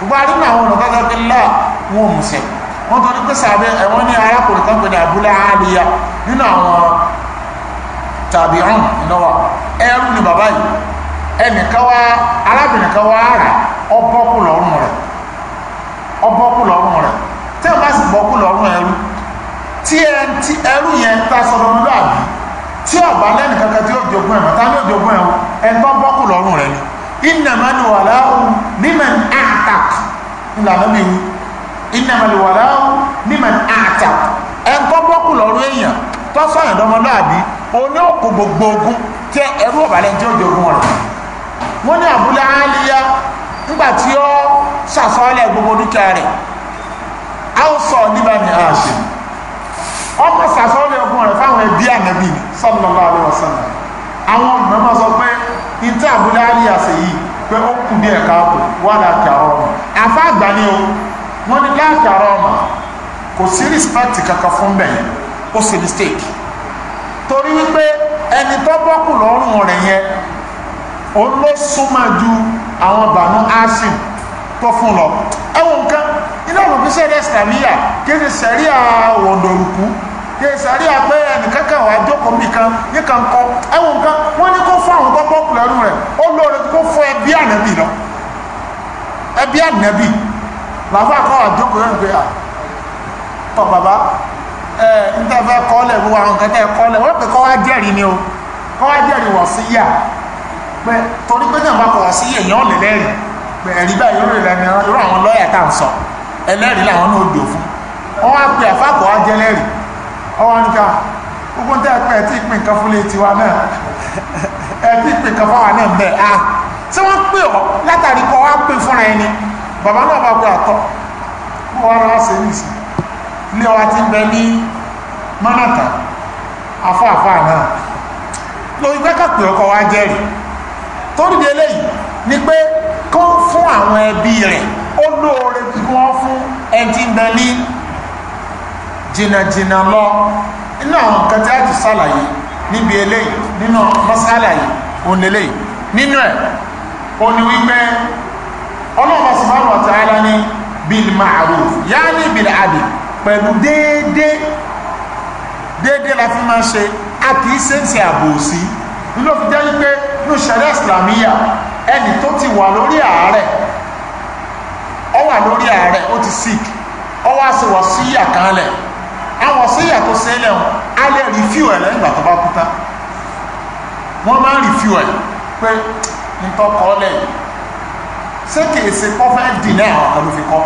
ṣùgbọ́n a nínú àwọn ọ̀nà tọ́jọ́ pé lọ́ọ̀ wọn ò mú sẹ́ wọ́n tọ́ ní pé sàbẹ̀ ẹ̀wọ́n ní arákùnrin kan pè ní abúlé àlìyá nínú àwọn tàbí ọ̀hún ìnáwó ẹrú ni bàbá yìí ẹnìkan wá arábìnrin kan wá rà ọbọ̀kù lọ́rùn rẹ̀ ọbọ̀kù lọ́rùn rẹ̀ tẹ́ ẹ bá sì bọ́kù lọ́rùn ẹrú tí ẹrú yẹn ta sọ̀rọ̀ lọ́àbí tí ọ̀bá lẹ́nìkankan tí ó jogún ẹ̀ mọ́ta ní ó jogún ẹ̀ ẹ̀ńtọ́ bọ́kù lọ́rùn rẹ̀ ni innama ni wàláhù níman àtàk ńlànà mi wí innama ni wàláhù níman àtàk ẹ̀ ń kọ́ bọ́kù lọ́rọ̀ èèyàn tọ́sọ̀yàn dọ́mọlúàbí oní òkú gbogbo ogun tí ẹrú ọ̀bàlẹ̀ tí ó jogun rẹ̀ wọ́n ní Abu Aliya nígbà tí ó ṣàsọ́ọ́lẹ̀ gbogbo dúkìá rẹ̀ áwùsọ̀ nígbà ní Hashim ọkọ̀ ṣàsọ́ọ́lẹ̀ ogun rẹ̀ fáwọn ẹbí ànábì sallallahu alaihi wasallam àwọn ọ̀nà máa sọ pé pé ó kù díẹ̀ káàkù wà láàkàrọ̀ ọmọ afá àgbà ni o wọ́n ní láàkàrọ̀ ọmọ kò sí respect kankan fún bẹ́ẹ̀ ó ṣe mistake torí wípé ẹni tó bọ́kù lọ́rùn rẹ̀ yẹn ó ló súnmọ́ ju àwọn bànú asim tó fún lọ ẹwọn nǹkan ilé ìwòkúsẹ́ rẹ̀ sàmíyà kí ni sẹ̀ríà wọ̀ndọ̀rùkú yẹ sàárì àpẹ ẹnìkankan wà jókòó nìkan nìkan kọ wọn ni kọ wá jẹ́rìí wọ sí yà pé torí kọ wá sí yà èèyàn lè lẹ́rìí à ń sọ ẹlẹ́rìí làwọn ọwọ́ nǹkan gbogbo tẹ́ pẹ́ tí pín nǹkan fún lè tiwa náà ẹ tí pín nǹkan fáwa náà bẹ́ẹ̀ á tí wọ́n pè ọ́ látàrí kọ́ wá pín fúnra ẹni bàbá náà bá pé àtọ́ wọ́n wá rárá sí nìsí ilé ọwá ti ń bẹ ní mọ́nàtà afáàfáà náà lórí pẹ́kà pé ọkọ̀ wá jẹ́rìí tó dìde eléyìí ni pé kó fún àwọn ẹbí rẹ̀ ó lóore kí wọ́n fún ẹni tí ń bẹ ní jìnnàjìnnà lọ inú àwọn nǹkan tí a ti sàlàyé níbi eléyìí nínú masala yìí òun lélẹ́yìí nínú ẹ̀ ó ní wípé Ọlọ́hun subhanahu wa ta'ala ní bil ma'ruf yáni bil adl pẹ̀lú déédéé déédéé la fi máa ṣe a kì í ṣe ń ṣe àbòsí ló fi jẹ́ wípé ní ṣẹ̀ríà islamiyya ẹni tó ti wà lórí àárẹ̀ ó wà lórí àárẹ̀ ó ti sick ó wá ṣe wàsíyà kan lẹ̀ àwọn síyà tó sílẹ̀ wọn a lè rí fíò ẹ̀ lẹ́yìn ìgbà tó bá kú tán wọ́n máa ń rí fíò ẹ̀ pé ntọ́kọ́ lẹ́yìn ṣé kìí ṣe kọ́ fẹ́ dìnnà àwọn kan ló fi kọ́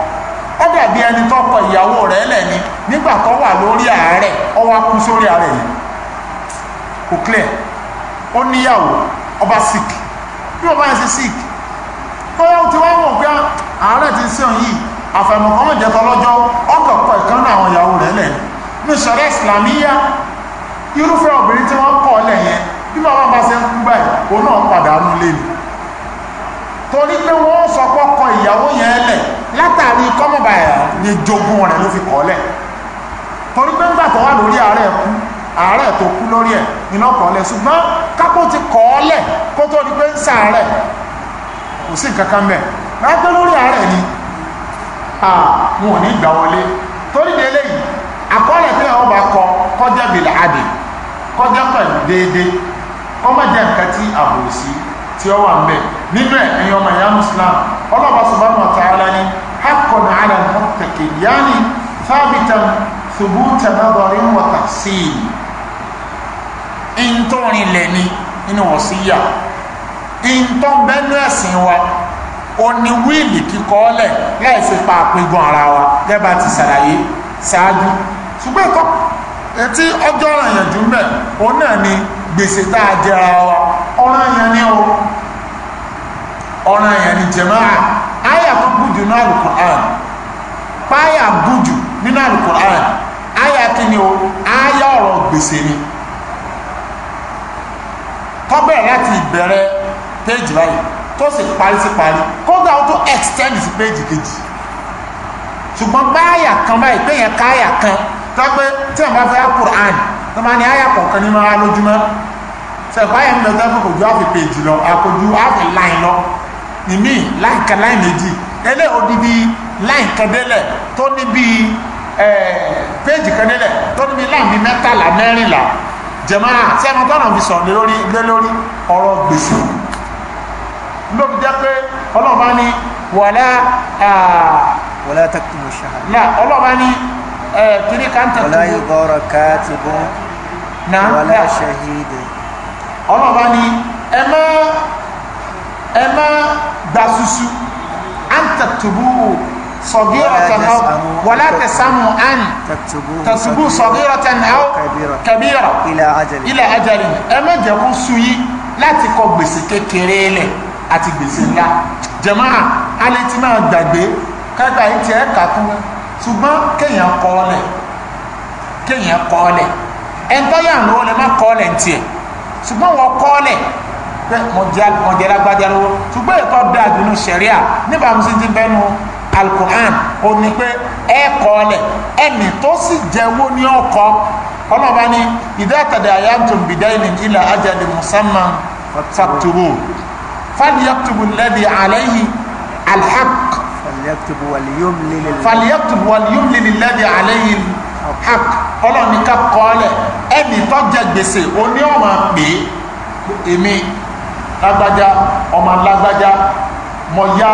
ó dàbí ẹni tó kọ ìyàwó rẹ̀ lẹ́ni nígbà tó wà lórí àárẹ̀ ó wá kú sórí àárẹ̀ yìí kò clear ó níyàwó ọba sick bí ọba yẹn ṣe sick bóyá ó ti wá wọ̀ pé àárẹ̀ ti ń sẹ́wọ̀n yìí àfẹ̀mọ̀kọ́ mọ̀jẹ̀tọ̀ lọ́jọ́ ọkọ̀ kọ ìkan náà àwọn ìyàwó rẹ̀ lẹ́ni ní ṣàríà ìsìlámíyà irúfẹ́ obìnrin tí wọ́n kọ́ ọlẹ̀ yẹn bí bàbá bá ṣe ń kú báyìí òun náà padà ń lé ni torí pé wọ́n sọ pọ́kọ̀ ìyàwó yẹn lẹ̀ látàrí kọ́mọ̀bà ẹ̀ ní jogún rẹ̀ ló fi kọ́ lẹ̀ torí pé ńgbà tó wà lórí ààrẹ kú ààrẹ tó kú lórí ẹ̀ iná kọ́ lẹ̀ ṣùgbọ́n kápó ti kọ́ lẹ̀ kó tó di pé ń sàárẹ̀ kò sí nǹkan kan mẹ́ lágbé lórí ààrẹ ni àwọn ò ní gbà wọlé torí délé yìí táwọn bá kọ kọjá bìlà àdè kọjá pẹ̀lú déédéé kọ́ má jẹ́ nǹkan tí àbòsí tí ó wà ń bẹ̀ nínú ẹ̀ ẹ̀yin ọmọ ìyá muslim ọlọ́ba subhanahu wa ta'ala ni haqqan 'ala al-muttaqin yaani thabitan thubuta nadarin wa tahsin ìntọ́rin lẹ́ni nínú wọ̀síyà ìntọ́ bẹ́nu ẹ̀sìn wa ó ní wíìlì kíkọ́ lẹ̀ láì fi pa àpégun ara wa gẹ́gẹ́ ti ṣàlàyé ṣáájú ṣùgbọ́n ètò etí ọjọ́ ọ̀ranyàn jù mẹ́ òun náà ni gbèsè tá a jẹra wa ọ̀ranyàn ni o ọ̀ranyàn ni jàmáà àyà tó gùjù nínú Al-Qur'an páyà gùjù nínú Al-Qur'an àyà kí ni o àyà ọ̀rọ̀ gbèsè ni tọ́bẹ̀ láti ìbẹ̀rẹ̀ péjì báyìí tó sì parí sí parí kódà ó tó extend sí péjì kejì ṣùgbọ́n báyà kan báyìí péyàn káyà kan tọ́pẹ́ tí a máa fẹ́ Quran tó máa ní àyà kọ̀ọ̀kan nínú ara lójúmọ́ sẹ́pà yẹn lọ tẹ́fù kò ju àfi péjì lọ àkójú àfi láì lọ ìmí láì kan láì méjì ẹlẹ́ òdi bí láì kan délẹ̀ tó ní bí péjì kan délẹ̀ tó ní bí láàmì mẹ́tàlá mẹ́rìnlá jẹ̀mọ́ sẹ́nu tọ́nà fi sọ̀rọ̀ lórí lé lórí ọ̀rọ̀ gbèsè lóbi jẹ́ pé ọlọ́ọ̀bá ní wàlá ah, wàlá taktumu shahada ọlọ́ọ̀bá ní ẹ kiri kan tẹ tubu. wala yudara katibun wala shahid. ọlọ́ba ni ẹ má ẹ má gba susu an tẹ tubu صغيرة أو ولا تسموا أن تسبوا صغيرة أو كبيرة إلى أجل إلى أجل أما جابوا سوي لا تكون بسك كريلة àti gbèsè ńlá jẹ̀máà alẹ́ tí máa gbàgbé kágbà yìí tiẹ̀ kà kún ṣùgbọ́n kéèyàn kọ́ ọ́lẹ̀ kéèyàn kọ́ ọ́lẹ̀ ẹ̀ńtọ́yà ń lọ́wọ́ lẹ má kọ́ ọ́lẹ̀ ntì ẹ̀ ṣùgbọ́n wọ́n kọ́ ọ́lẹ̀ pé mọ̀jẹ́ lágbájá lọ́wọ́ ṣùgbọ́n ètò ọ̀dà àdùnnú ṣẹ̀ríà nígbà mi sì ti bẹ́nu alukur'an ó ní pé ẹ kọ́ ọ́lẹ̀ ẹnì tó sì jẹ́wọ́ ní ọkọ̀ ọlọ́ba ni idha tadayantum bidaynin ila ajalin musamman fataktubu falyaktubu alladhi alayhi alhaq فليكتب وليملل فليكتب وليملل الذي عليه الحق ọlọ́run ní ká kọ́ ọ́lẹ̀ ẹni tó jẹ gbèsè oní ọ̀mà pé èmi lágbájá ọmọ lágbájá mọ yá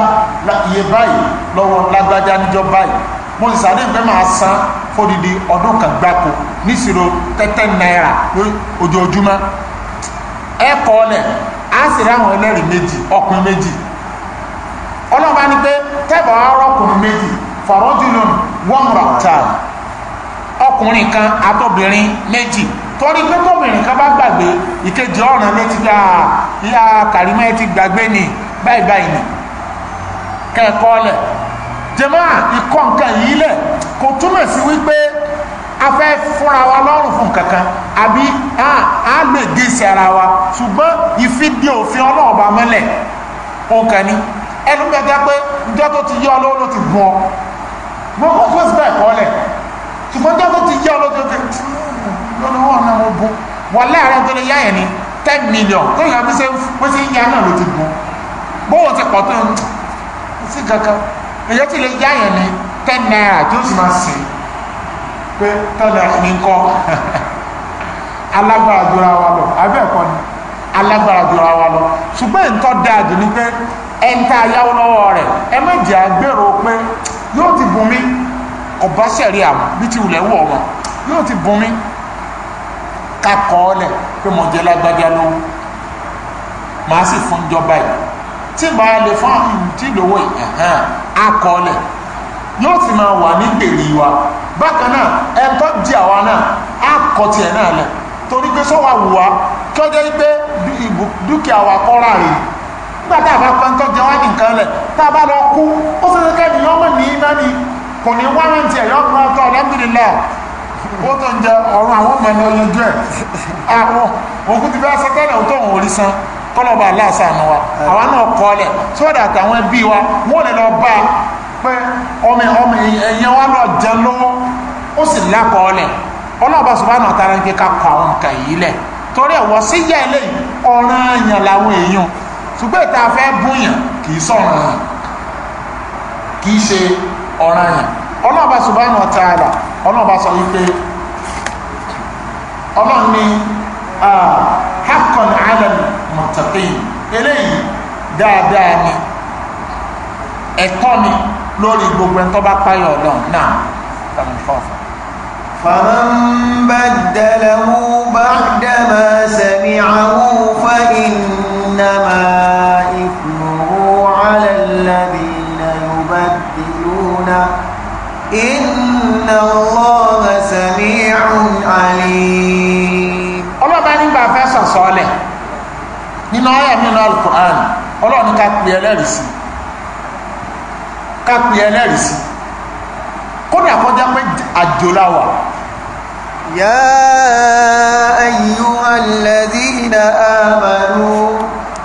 iye báyìí lọ́wọ́ lágbájá níjọ́ báyìí mo ń sáré ìfẹ́ máa san fódìdí ọdún kan gbáko níṣirò tẹ́tẹ́ náírà ojoojúmọ́ ẹ kọ́ ọ́lẹ̀ á sì rí àwọn ẹlẹ́rìí méjì ọkùnrin méjì ọlọ́run bá ní pé tẹ́bà arọ́kùnrin méjì fọ̀rọ́dúnlọ́n wọ́mùrà táà ọkùnrin kan àtọ́bìnrin méjì torí pé tóbìnrin kan bá gbàgbé ìkejì ọ̀ràn létí pé ìyá kàrímọ́ ti gbàgbé ni báyìí báyìí ni kẹ́ẹ̀kọ́ lẹ̀ jẹ́mọ́ ìkọ́ nǹkan yìí lẹ̀ kò túmọ̀ sí wípé a fẹ́ fúnra wa lọ́rùn fún kankan àbí a lè gé sí ara wa ṣùgbọ́n ìfidí òfin ọlọ́ọ̀bà mọ́lẹ̀ ó kàn ẹnu bẹ jẹ pé ìjọ tó ti yí ọ lọ́wọ́ ló ti gun ọ mo kọ́ fún ìsìnkú ẹ̀kọ́ lẹ̀ ṣùgbọ́n ìjọ tó ti yí ọ lọ́wọ́ ló ti lọ́nà wọn náà wọ́n gun wọ́n láàárọ̀ tó lè yá yẹn ní ten million tó yà bí ṣe bó ṣe ń yá náà ló ti gun bóun ti pọ̀ tó ń sí kankan ìjọ tó lè yá yẹn ní ten naira tó sì máa sìn pé tọ́lá mi kọ́ alágbára jura wa lọ abẹ́ ẹ̀kọ́ ni alágbára jura wa lọ ṣùgbọ́n ìtọ́ dáa jù ní pé ẹ̀ǹta àyáwó lọ́wọ́ rẹ̀ ẹ má jẹ́ àgbèrò pé yóò ti bùn mí ọba sẹ̀rí àmọ́ bí ti wùlẹ̀ yóò ti bùn mí kakọ́ ọ̀lẹ̀ pé mo jẹ́ lágbájá màá sì fún yìí tí lè fún yóò ti máa wà ní gbèrè wa bákan náà náà akọ́ tiẹ̀ náà torí pé sọ́wọ́ àwùwá kí ọjọ́ yìí pé dúkìá nígbà tá a bá pẹ́ńtọ́ jẹ wá ní nǹkan lẹ̀ tá a bá lọ kú ó sì kẹ́kẹ́ ní ọmọ ní iná ni kò ní wárẹ́ǹtì ẹ̀yọ́ ọmọ ọkọ alhamdulillah ó tó ń jẹ ọ̀run àwọn ọmọ ẹni ọyẹjú ẹ̀ àwọn òkú ti fẹ́ sẹ́tẹ́lẹ̀ tó ń orí san kọ́lọ́ba aláàsánú wa àwa náà kọ́ lẹ̀ sódà àtàwọn ẹbí wa wọ́n lè lọ bá pé ọmọ ọmọ ẹ̀yẹn wa lọ jẹun lọ́wọ́ ó sì lákọ̀ọ́lẹ̀ ọlọ́ọ̀bá sọ̀bánà àtàrà ń ké ká kọ àwọn nǹkan yìí lẹ̀ torí ẹ̀wọ̀ sí yẹ́ ọ̀ràn àyàn làwọn èèyàn ṣùgbọ́n ìta fẹ́ búyàn kìí sọ̀ràn yàn kìí ṣe ọ̀ràn yàn ọlọ́ọ̀bá subhanahu wa ta'ala ọlọ́ọ̀bá sọ wípé ọlọ́run ní haqqan 'ala al-muttaqin eléyìí dáadáa ni ẹ̀tọ́ ni lórí gbogbo ẹ̀tọ́ bá páyọ̀ ọlọ́run náà tàbí fọ́fọ́ فمن بدله بعدما سمعه فإن إنما إثمه على الذين يبدلونه إن الله سميع عليم ọlọ́ba nígbà fẹ́ sọ̀sọ́ ọlẹ̀ nínú ayà nínú alukur'an ọlọ́ọ̀ni ká pè ẹlẹ́rìí sí ká pè ẹlẹ́rìí sí kódà kọjá pé àjò láwà. يا أيها الذين آمنوا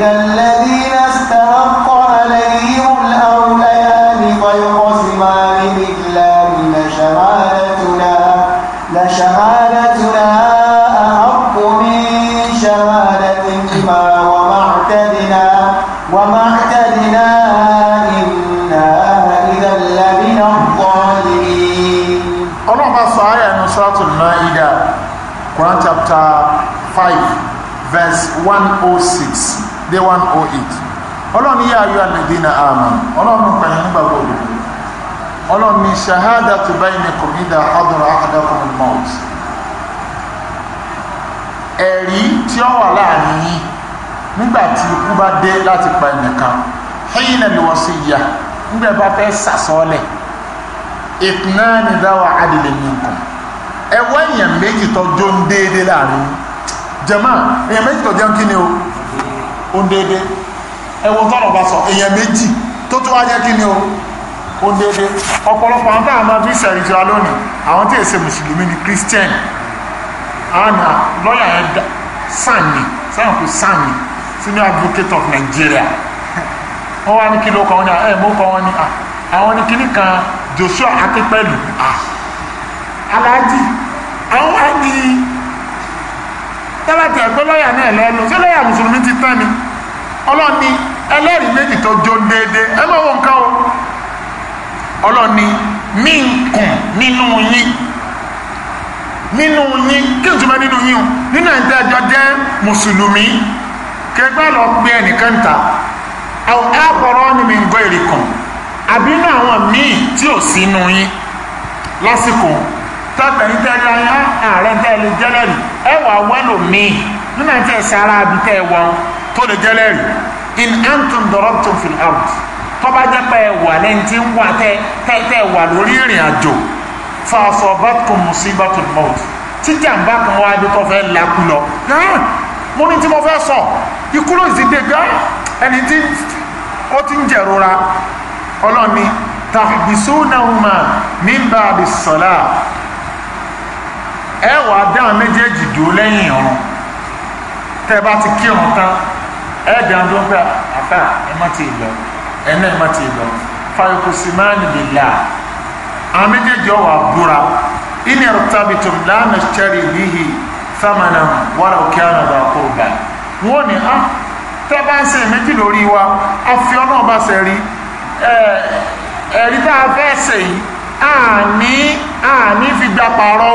chapter 5 verse 106 day one oh eight ọlọ́run yá ayọ́ àlẹ́dínà àmà ọlọ́run pẹ̀lú nígbàgbọ́ ni ṣahada tó bá ìní kòmídà ọdọ̀rọ̀ àkàdàkùn mọ́t ẹ̀rí tí ó wà láàrin yìí nígbà tí ikú bá dé láti pa ẹnìkan ẹ̀yìn náà ni wọ́n sì yá nígbà bá fẹ́ sàsọ́ọ́lẹ̀ ìtìná ni dáwà adìlẹ̀ nìkan ẹ̀wọ́ èèyàn méjì tó jó ń déédéé láàrin Onde ede, ẹwọ tọ́rọ̀ èèyàn méjì tó tó kí ni o ó ọ̀pọ̀lọpọ̀ àwọn táwọn máa fi sẹ̀rì jọ lónìí àwọn tí èsè mùsùlùmí ni christian àná lọ́yà yẹn sàn ni kò sàn senior advocate of Nigeria wọ́n wá ní kí ló kan Joshua aláàjì àwọn wá tẹ́lẹ̀tì ẹ̀gbẹ́ lọ́yà náà lẹ́nu sí lọ́yà mùsùlùmí ti tán ni ọlọ́ni ẹlẹ́rìí méjì tó jó déédéé ẹ má wọ nǹkan o ọlọ́ni mí nkùn nínú yín nínú yín kí n túnmọ̀ nínú yín o nínú ẹ̀ńtẹ́ ẹjọ́ jẹ́ mùsùlùmí kẹgbẹ́ lọ gbé ẹnìkan ta àwọn ẹ̀kọ́rọ́ ni mi ń gọ́ èrè kan àbí ní àwọn míì tí ò sí yín lásìkò tẹ́tẹ̀ ní tẹ́lẹ̀ ayé ààrẹ tẹ́lẹ̀ jẹ́lẹ̀rìí ẹwà wẹ́lò míì nínú àti ẹ̀sẹ̀ ara àbítẹ́ ẹ̀wọ̀n tó lè jẹ́ lẹ́rìí in antum darabtum fil ard tọ́ba jẹ́ pé ẹ̀wà lẹ́yìn tí ń wà tẹ́ tẹ́ ẹ̀wà lórí ìrìn àjò fa asabatkum musibatul maut títí àǹbá kan wá bí tó fẹ́ lakú lọ mo ní tí mo fẹ́ sọ ikú ló sì ẹni tí ó ti ń jẹ̀rora ọlọ́ni tàbí sónà ọmọ min ba'di salat ẹ wà á dáhùn méjèèjì dúró lẹ́yìn ọ̀run tẹ́ ẹ bá ti kírun tán ẹ dáhùn tó ń pẹ́ àfẹ́ ẹ má ti lọ ẹ náà ẹ má ti lọ fayọkùsìmáàlì lè là àwọn méjèèjì ọ̀wà búra ìní ẹ̀rọ tábì tó ń lánà ṣẹ́rì níhì sámánà wàrà òkè àná bá kó gbà wọ́n ní á ah, tẹ́ bá ń ṣe méjì lórí wa àfi ọ́ náà bá ṣe rí ẹ̀rí tá a fẹ́ ṣe yìí àní àní fi gbà pààrọ̀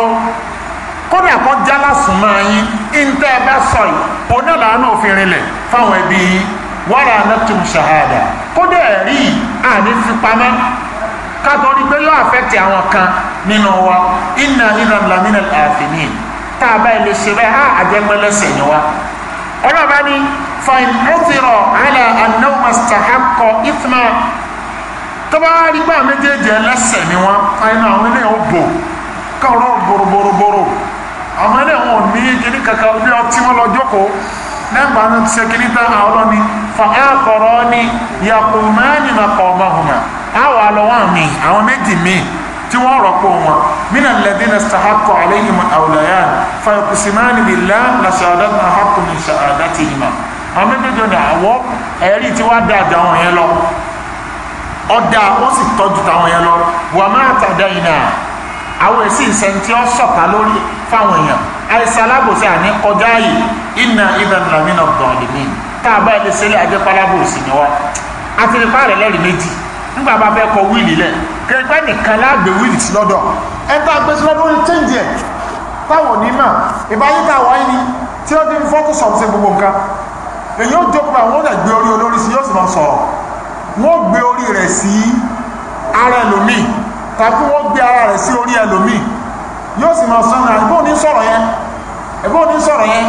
kódà kọ́ jálá sùn máa yín ìntẹ́ ẹ bá sọ yìí onílànà òfin rinlẹ̀ fáwọn ẹbí yín wàrà anátùm ṣàhádà kódà ẹ̀rí àní fipamẹ́ kátólí pé yóò àfẹ́tì àwọn kan nínú wa iná iná lamina àfìní tá a bá ilé ṣe bẹ́ẹ̀ á àjẹgbẹ́lẹ́sẹ̀ ni wa ọlọ́ba ni fain ọ́tìrọ̀ àlà anáwó ṣàhákọ̀ ìfúnà tó bá rí gbà méjèèjì ẹlẹ́sẹ̀ ni wọn àyìnbó àwọn ilé ò bò káwọn bòròbòròbòrò àwọn ilé wọn ò ní kíní kankan bí ọtí wọn lọ jókòó lẹ́gbà ní ṣe kíní tán àwọn ọlọ́ni fàákọ̀rọ̀ ni yàkùnmáàni nàkọ̀ ọmọhùnmá àwọn àlọ́wọ́ mi àwọn méjì mi tí wọ́n rọ̀pò wọn mina alladhina istahaqqa alayhim al-awlayan fayaqsimani billahi lashahadana ahaqqu min shahadatihima àwọn méjèèjì ni àwọ̀ ẹ̀rí tí wàá da àjà wọn yẹn lọ ọ̀dà ó sì tọ́jú táwọn yẹn lọ wàá má tàdá yìí náà àwọn èsì ìsẹ̀ntì ọ̀sọ̀ka lórí fáwọn èèyàn àìsàn alábòsí àní kọjá yìí iná ìdánilàmínà gbọ̀nlẹ̀mí tá a bá ẹ lè ṣẹlẹ̀ ajẹ́pálábòsí ni wá àti nípa rẹ̀ lẹ́rìí méjì nígbà bá fẹ́ kọ wíìlì lẹ̀ kẹgbẹ́ nìkan láàgbé wíìlì sí lọ́dọ̀ ẹ tá a gbé sí lọ́dọ̀ ní chẹ́ǹjì ẹ̀ táwọn onímọ̀ ìbáyé tá a wáyé ni tí ó ti ń fọ́kùsì ọ̀sẹ̀ gbogbo nǹkan èyí ó jókòó àwọn ọ̀dà gbé orí olórí sí yóò sì máa sọ̀rọ̀ wọ́n gbé orí rẹ̀ tàbí wọ́n gbé ara rẹ̀ sí orí ẹlòmíì yóò sì máa sọ́nà ẹ̀bọ́n ní sọ̀rọ̀ yẹn ẹ̀bọ́n ní sọ̀rọ̀ yẹn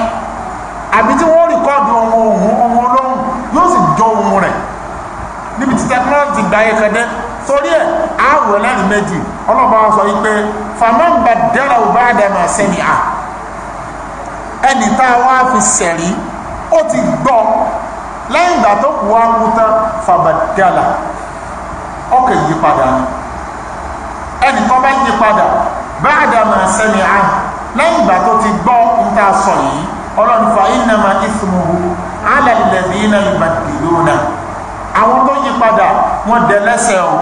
àbí tí wọ́n rìkọ́ọ̀dù ọmọ ohun ọmọ ọlọ́run yóò sì jọ ohun rẹ̀ níbi tí technology gba ayé kẹdẹ torí ẹ̀ àwọ̀ ẹlẹ́rìí méjì ọlọ́ba sọ yìí pé fàmọ́ǹbà dẹ́rẹ̀ ò bá dẹ̀mọ̀ sẹ́ni à ẹni tá a wá fi sẹ̀rí ó ti gbọ́ lẹ́yìn ìgbà tó kù wá kú tán fàbàdàlà ọkọ̀ ìyípadà ni ẹnìkan bá yí padà báàdà máa sẹ́mi á lẹ́yìn ìgbà tó ti gbọ́ níta sọ yìí ọlọ́run fa ìnàmà ìfúnmuhu alẹ́lẹ́bí iná ìbàdìlónà àwọn tó yí padà wọ́n dẹlẹ́sẹ̀ o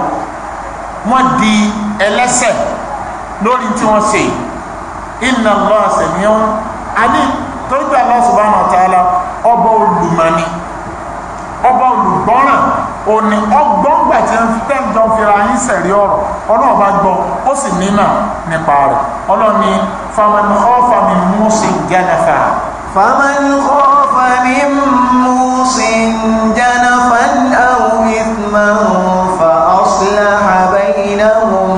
wọ́n di ẹlẹ́sẹ̀ lórí tí wọ́n ṣe iná lọ́ àṣẹ̀míọ́ adé torí pé Allah subhanahu wa ta'ala ọba olùmọ̀ni ọba olùgbọ́ràn ò ní ọgbọ́n gbà tí ń tẹ́ǹtọ́ fira yín sẹ̀rí ọ̀rọ̀ ọlọ́run bá gbọ́ ó sì nímọ̀ nípa rẹ̀ ọlọ́run ni faman khafa min musin janafa. faman khafa musin janafa aw fa aslaha baynahum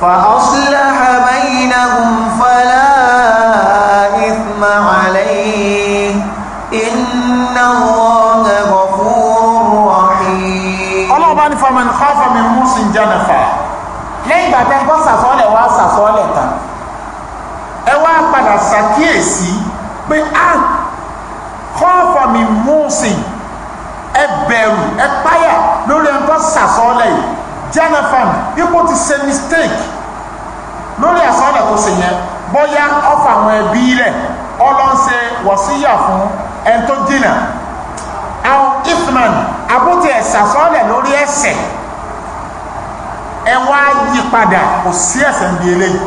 fa aslaha baynahum. janafa lẹ́yìn ìgbà tẹ́ ń kọ́ sàsọ́ọ̀lẹ̀ wá sàsọ́ọ̀lẹ̀ tán ẹ wá padà ṣàkíyèsí pé a ah, kọ́ọ̀fà mi mùsìn ẹ bẹ̀rù ẹ páyà lórí ẹni tó sàsọ́ọ̀lẹ̀ yìí janafa ipò ti ṣe mistake lórí àsọ́ọ̀lẹ̀ tó ṣe yẹn bóyá ọ̀fà àwọn ẹbí rẹ̀ ọlọ́nṣe wọ̀síyà fún ẹni tó jìnà àwọn ifman abúti ẹ̀ sàsọ́ọ̀lẹ̀ lórí ẹsẹ̀ ẹ wá yí padà kò sí ẹ̀ṣẹ̀ ń bi eléyìí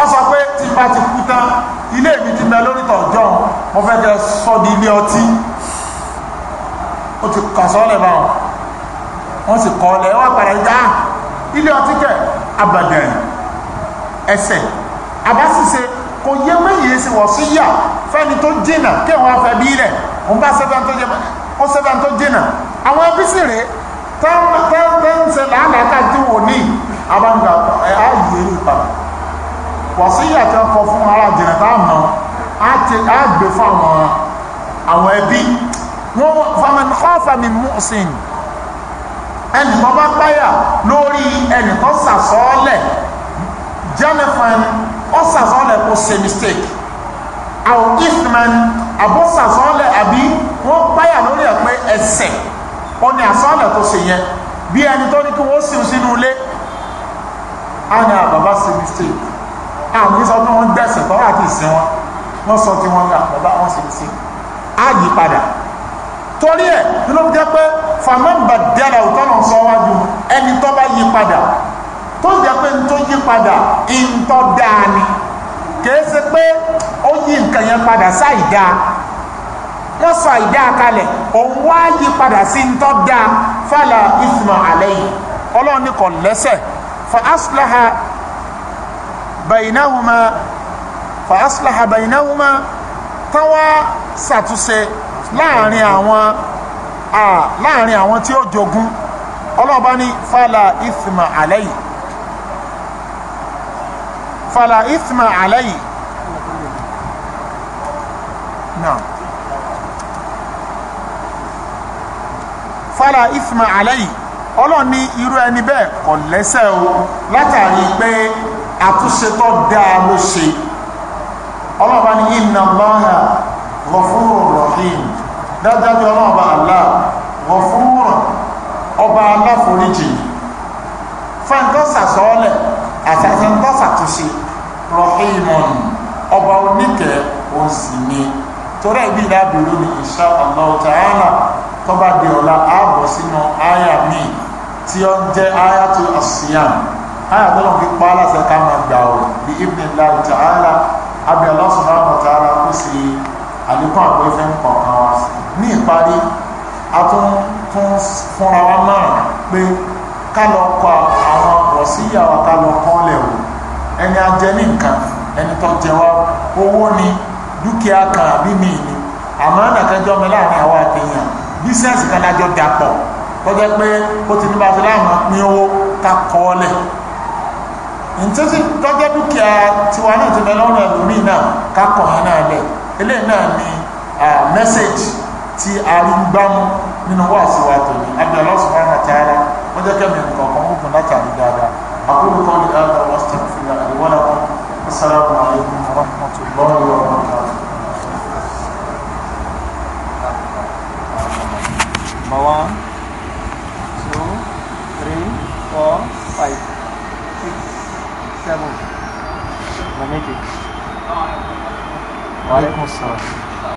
ọ sọ pé tí bá ti kú tán ilé mi ti bẹ lórí tọ̀jọ́ mo fẹ́ kẹ́ sọ di ilé ọtí ó ti kà sọ́lẹ̀ báwọn wọ́n sì kọ́ ọlẹ̀ wọ́n padà dá ilé ọtí kẹ̀ abàdàn ẹsẹ̀ àbáṣiṣe kò yẹ mẹ́yìn sí wọ̀ sí yà fẹ́ni tó jìnà kí wọ́n afẹ́ bí rẹ̀ wọ́n bá sẹ́fẹ́ tó jìnà àwọn ẹbí sì rèé tẹ́ntẹ́ ń ṣe làálàáta tí wò ní abáǹgà ààyè ìpàdà wà sí ìyàtọ̀ kọ fún ara jìnà táàmù á gbé fún àwọn ẹbí wọn famin khafa min mu'sin ẹnì kan bá páyà lórí ẹnì kan sàsọ́ọ́lẹ̀ jẹ́nifan ó sàsọ́ọ́lẹ̀ kó ṣe mistake àwọn ifman àbó sàsọ́ọ́lẹ̀ àbí wọ́n páyà lórí ẹ̀ pé ẹsẹ̀ ó ní àsọ́ọ́lẹ̀ tó ṣe yẹn bí ẹni tó ní kí wọ́n sìn sínú ilé á ní àbàbá sí mistake àmì sọ pé wọ́n gbẹ̀sẹ̀ kọ́ àti ìsìn wọn wọ́n sọ tí wọ́n ní àbàbá wọ́n sì sí á yí padà torí ẹ̀ nínú jẹ́ pé fàmọ́ǹbà dẹ́ra òtọ́ náà sọ wájú ẹni tó bá yí padà tó jẹ́ pé ń tó yí padà ń tọ́ dáa ni kìí ṣe pé ó yí nǹkan yẹn padà sáì dáa wọ́n sọ ìdá kalẹ̀ ọ̀hún wá yí padà sí ń tọ́ da fàlà ìfìmọ̀ àlẹ́ yìí ọlọ́run ní kò lẹ́sẹ̀ fa aslaha bainahuma fa aslaha bainahuma táwa ṣàtúnṣe láàrin àwọn láàrin àwọn tí ó jogún ọlọ́run bá ní fàlà ìfìmọ̀ àlẹ́ yìí fàlà ìfìmọ̀ àlẹ́ yìí náà. fàlà ìfìmà àlẹ́ yìí ọlọ́run ní irú ẹni bẹ́ẹ̀ kò lẹ́sẹ̀ o látàrí pé àtúnṣe tó dáa ló ṣe ọlọ́run bá ní inna Allaha ghafurur rahim dájájú ọlọ́run bá Allah ghafurur ọba aláforíjì fẹ́ńtọ́sà sọ́ọ́lẹ̀ àtàtàntọ́sà tó ṣe rahimun ọba oníkẹ́ òsì ni torí ẹ̀bí ìdábìrú ni insha Allah ta'ala tó bá di ọ̀la ààbọ̀ sínú àyà míì tí ó ń jẹ́ àyà tó àṣìyàn àyà tó lọ́n fi pa aláṣẹ ká máa gbà ọ̀ bí ibn Allah ta'ala abẹ́ Allah subhanahu wa ta'ala kó sì àlékún àgbẹ̀fẹ́ kọ̀ọ̀kan wa ní ìparí a tún tún fúnra wa náà pé ká lọ kọ àwọn wọ̀síyà wa ká lọ kọ́ lẹ̀ wò ẹni ajẹ́ ní nǹkan ẹni tó jẹ wá owó ni dúkìá kan àbí mi ni àmọ́ ẹnìkan jọ́ mi láàrin àwa àtẹ̀yìn bísíǹsì kan lájọ dàpọ̀ kọjá pé ó ti ní bàtà láwọn pín owó ká kọ́ ọ lẹ̀ ntẹ́sí tọ́jẹ́ dúkìá tiwa náà ti bẹ̀rẹ̀ lọ́rùn ẹlòmíì náà ká kọ̀ ọ́ náà lẹ̀ eléyìí náà ni mẹ́sẹ̀gì tí a rí gbámú nínú wáàsí wa tòní abdullahi subhanahu wa ta'ala wọ́n jẹ́ kẹ́mi nǹkan kan kúkú láti àrídáadáa àkókò kan ní ẹ̀rọ wọ́n ti fi àríwá lọ́kùn assalamu alaikum wa rahmatullahi wa barakatuh one, two, three, four, five, six, seven. Let me take. Waalaikum